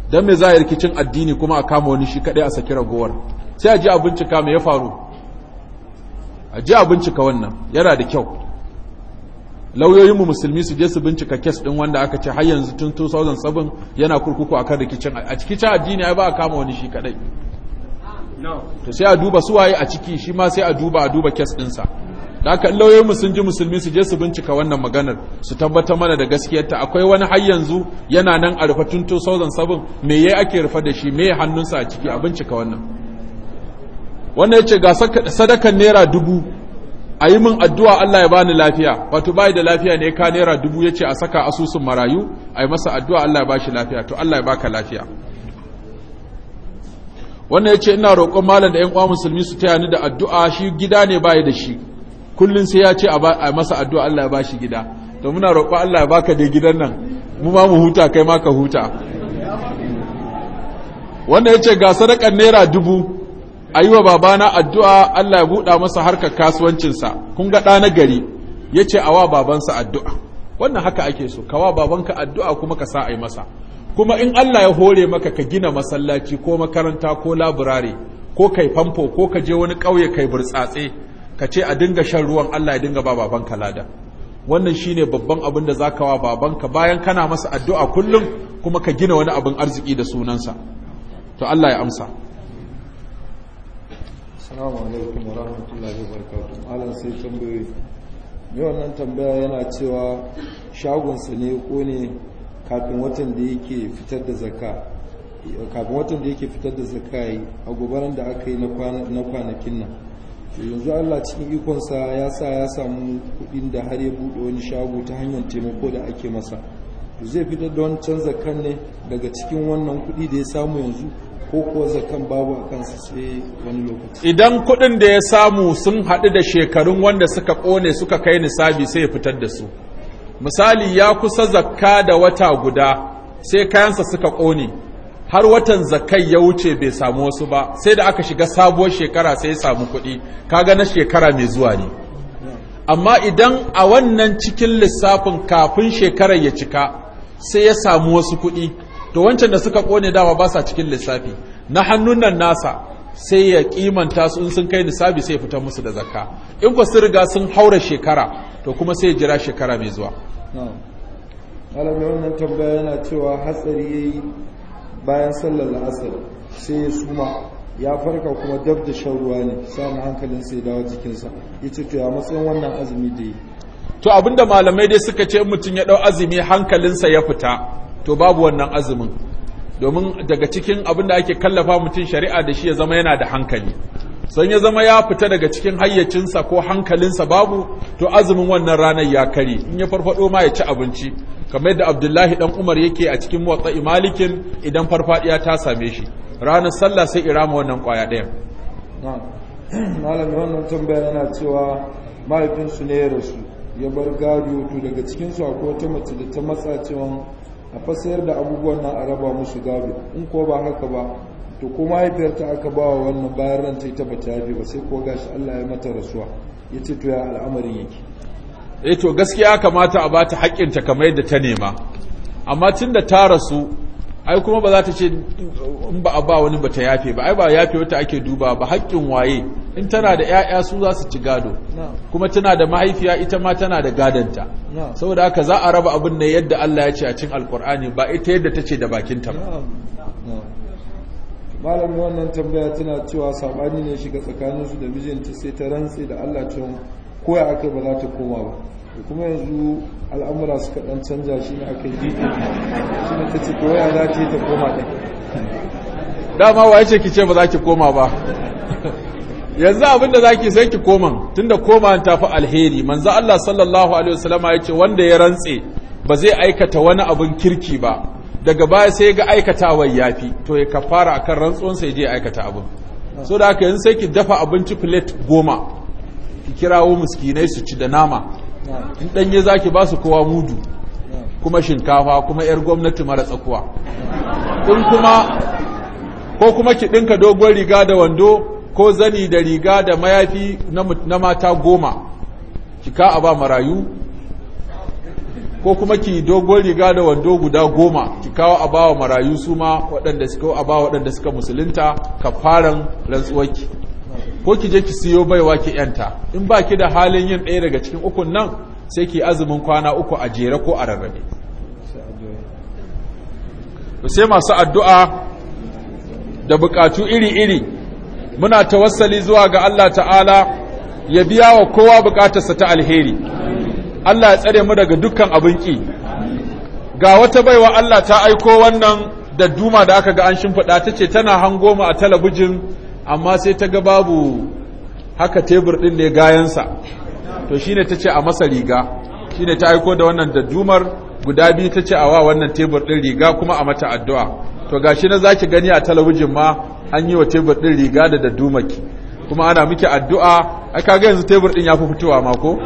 don me za a rikicin addini kuma a kama wani shi kaɗai a saki ragowar sai a ji a bincika me ya faru a ji a bincika wannan yana da kyau lauyoyinmu musulmi su je su bincika kes din wanda aka ce har yanzu tun 2007 yana kurkuku akan rikicin a cikin addini ai ba a kama wani shi kadai to sai a duba su waye a ciki shi ma sai a duba a duba kes dinsa da aka lauyoyinmu sun ji musulmi su je su bincika wannan maganar su tabbatar mana da gaskiyarta akwai wani har yanzu yana nan a rufe tun 2007 me yayi ake rufe da shi me hannunsa a ciki a bincika wannan wannan yace ga sadakan naira dubu a yi min addu'a Allah ya bani lafiya wato bai da lafiya ne ka naira dubu ya ce a saka asusun marayu a yi masa addu'a Allah ya ba shi lafiya to Allah ya baka lafiya wannan ya ce ina roƙon malam da ‘yan uwa musulmi su taya ni da addu'a shi gida ne bai da shi kullum sai ya ce a masa addu'a Allah ya ba shi gida to muna roƙo Allah ya baka dai gidan nan mu ma mu huta kai ma ka huta wannan ya ce ga sadakar naira dubu a yi wa babana addu'a Allah ya buɗa masa harkar kasuwancinsa kun ga ɗa na gari ya ce a wa babansa addu'a wannan haka ake so ka wa babanka addu'a kuma ka sa ayi masa kuma in Allah ya hore maka ka gina masallaci ko makaranta ko laburare ko kai famfo ko ka je wani ƙauye kai burtsatse ka ce a dinga shan ruwan Allah ya dinga ba babanka lada wannan shine babban abin da zaka wa babanka bayan kana masa addu'a kullum kuma ka gina wani abin arziki da sunansa to Allah ya amsa Assalamu alaikum wa rahmatullahi wa sai tambayoyi. Mai wannan tambaya yana cewa shagonsa ne ko ne kafin watan da yake fitar da zakka. Kafin watan da yake fitar da zakka yi a gobaran da aka yi na kwanakin nan. yanzu Allah cikin ikonsa ya sa ya samu kuɗin da har ya buɗe wani shago ta hanyar taimako da ake masa. Zai fitar da wancan kan ne daga cikin wannan kuɗi da ya samu yanzu ko kuwa zakan babu a kansa sai wani lokaci idan kuɗin da ya samu sun haɗu da shekarun wanda suka kone suka kai nisabi sai ya fitar da su misali ya kusa zakka da wata guda sai kayansa suka kone, har watan zakai ya wuce bai samu wasu ba sai da aka shiga sabuwar shekara sai ya samu kuɗi kaga na shekara mai zuwa ne amma idan a wannan cikin lissafin kafin shekarar ya cika sai ya samu wasu kuɗi to wancan da suka kone dawa ba sa cikin lissafi na hannun nan nasa sai ya kimanta su in sun kai lissafi sai ya fitar musu da zakka in ku sun riga sun haura shekara to kuma sai ya jira shekara mai zuwa malam wannan tambaya yana cewa hatsari yi bayan sallar la'asar sai ya suma ya farka kuma dab da shan ruwa ne samun hankalin sai dawo jikinsa ya ce to ya matsayin wannan azumi da yi to abinda malamai dai suka ce mutum ya dau azumi hankalinsa ya fita to babu wannan azumin domin daga cikin abin da ake kallafa mutum shari'a da shi ya zama yana da hankali san ya zama ya fita daga cikin hayyacinsa ko hankalinsa babu to azumin wannan ranar ya kare in ya farfado ma ya ci abinci kamar yadda abdullahi dan umar yake a cikin watsa imalikin idan farfadiya ta same shi ranar sallah sai irama wannan kwaya ɗaya malamin wannan tambaya yana cewa mahaifinsu ne ya rasu ya bar gado to daga cikinsu akwai wata mace da ta matsa cewa a fasayar da abubuwan nan a raba musu gado in ko ba haka ba to ko mahaifiyarta aka ba wa wannan bayan ranta ita ba ta yafe ba sai ko gashi Allah ya mata rasuwa ya ce to ya al'amarin yake eh to gaskiya kamata a bata haƙƙinta kamar yadda ta nema amma tun da ta rasu ai kuma ba za ta ce in ba a ba wani ba ta yafe ba ai ba yafe wata ake duba ba haƙƙin waye in tana da 'ya'ya su za su ci gado kuma tana da mahaifiya ita ma tana da gadanta saboda haka za a raba abin ne yadda Allah ya ce a cin alkur'ani ba ita yadda ta ce da bakinta ba malam wannan tambaya tana cewa sabani ne shiga tsakaninsu da mijinta sai ta rantse da Allah ta ko aka ba za ta koma ba da kuma yanzu al'amura suka dan canja shi ne aka yi shi ne ta ce koya za ta yi ta koma ɗin dama wa ce ki ce ba za ki koma ba yanzu abinda za ki sai ki koma tun da koma ta fi alheri manzo Allah sallallahu alaihi wasallama ya ce wanda ya rantse ba zai aikata wani abin kirki ba daga baya sai ga aikatawar yafi to ya kafara akan rantsuwan sai je aikata abin so da haka yanzu sai ki dafa abinci plate goma ki kirawo miskinai su ci da nama in ɗanye za ki ba su kowa mudu kuma shinkafa kuma 'yar gwamnati mara tsakuwa ko kuma ki ɗinka dogon riga da wando ko zani da riga da mayafi na mata goma ki ka a ba marayu ko kuma ki dogon riga da wando guda goma ki kawo a wa marayu su ma waɗanda suka a ba waɗanda suka musulunta kafaran rantsuwarki ko ki je ki siyo baiwa ki yanta in ba ki da halin yin ɗaya daga cikin ukun nan sai ki azumin kwana uku a jere ko a rarrabe sai masu addu'a da bukatu iri-iri muna tawassali zuwa ga Allah ta'ala ya biya wa kowa bukatarsa ta alheri Allah ya tsare mu daga dukkan abin ki ga wata baiwa Allah ta aiko wannan da duma da aka ga an shimfiɗa ta ce tana hango mu a talabijin amma sai ta ga babu haka tebur ɗin ne gayansa to shine ta ce a masa riga shine ta aiko da wannan dajumar guda biyu ta ce a wa wannan tebur ɗin riga kuma a mata addu'a to gashi na zaki gani a talabijin ma an yi wa tebur din riga da dadumaki kuma ana miki addu'a ai kaga yanzu tebur din fi fitowa ma ko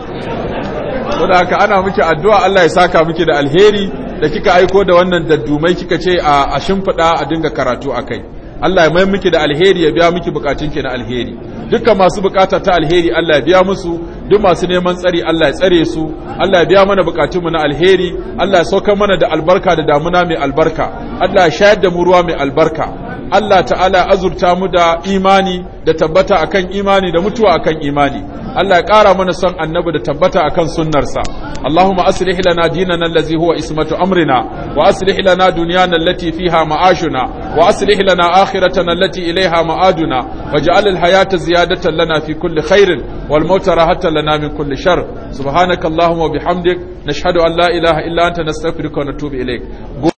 saboda haka ana miki addu'a Allah ya saka miki da alheri da kika aiko da wannan daddumai kika ce a shimfiɗa a dinga karatu akai Allah ya mai miki da alheri ya biya miki bukatunki na alheri duka masu bukata ta alheri Allah ya biya musu duk masu neman tsari Allah ya tsare su Allah ya biya mana bukatunmu na alheri Allah ya saukar mana da albarka da damuna mai albarka Allah ya shayar da mu ruwa mai albarka Allah ta'ala azurta mu da imani da tabbata akan imani da mutuwa akan imani Allah ya ƙara mana son annabi da tabbata akan sunnarsa Allahumma aslih lana dinana allazi huwa ismatu amrina wa aslih lana dunyana allati fiha ma'ashuna wa aslih lana akhiratana allati ilayha ma'aduna waj'al al-hayata ziyadatan lana fi kulli khairin wal mauta rahatan lana min kulli shar subhanakallahumma wa bihamdik nashhadu an la ilaha illa anta nastaghfiruka wa natubu ilayk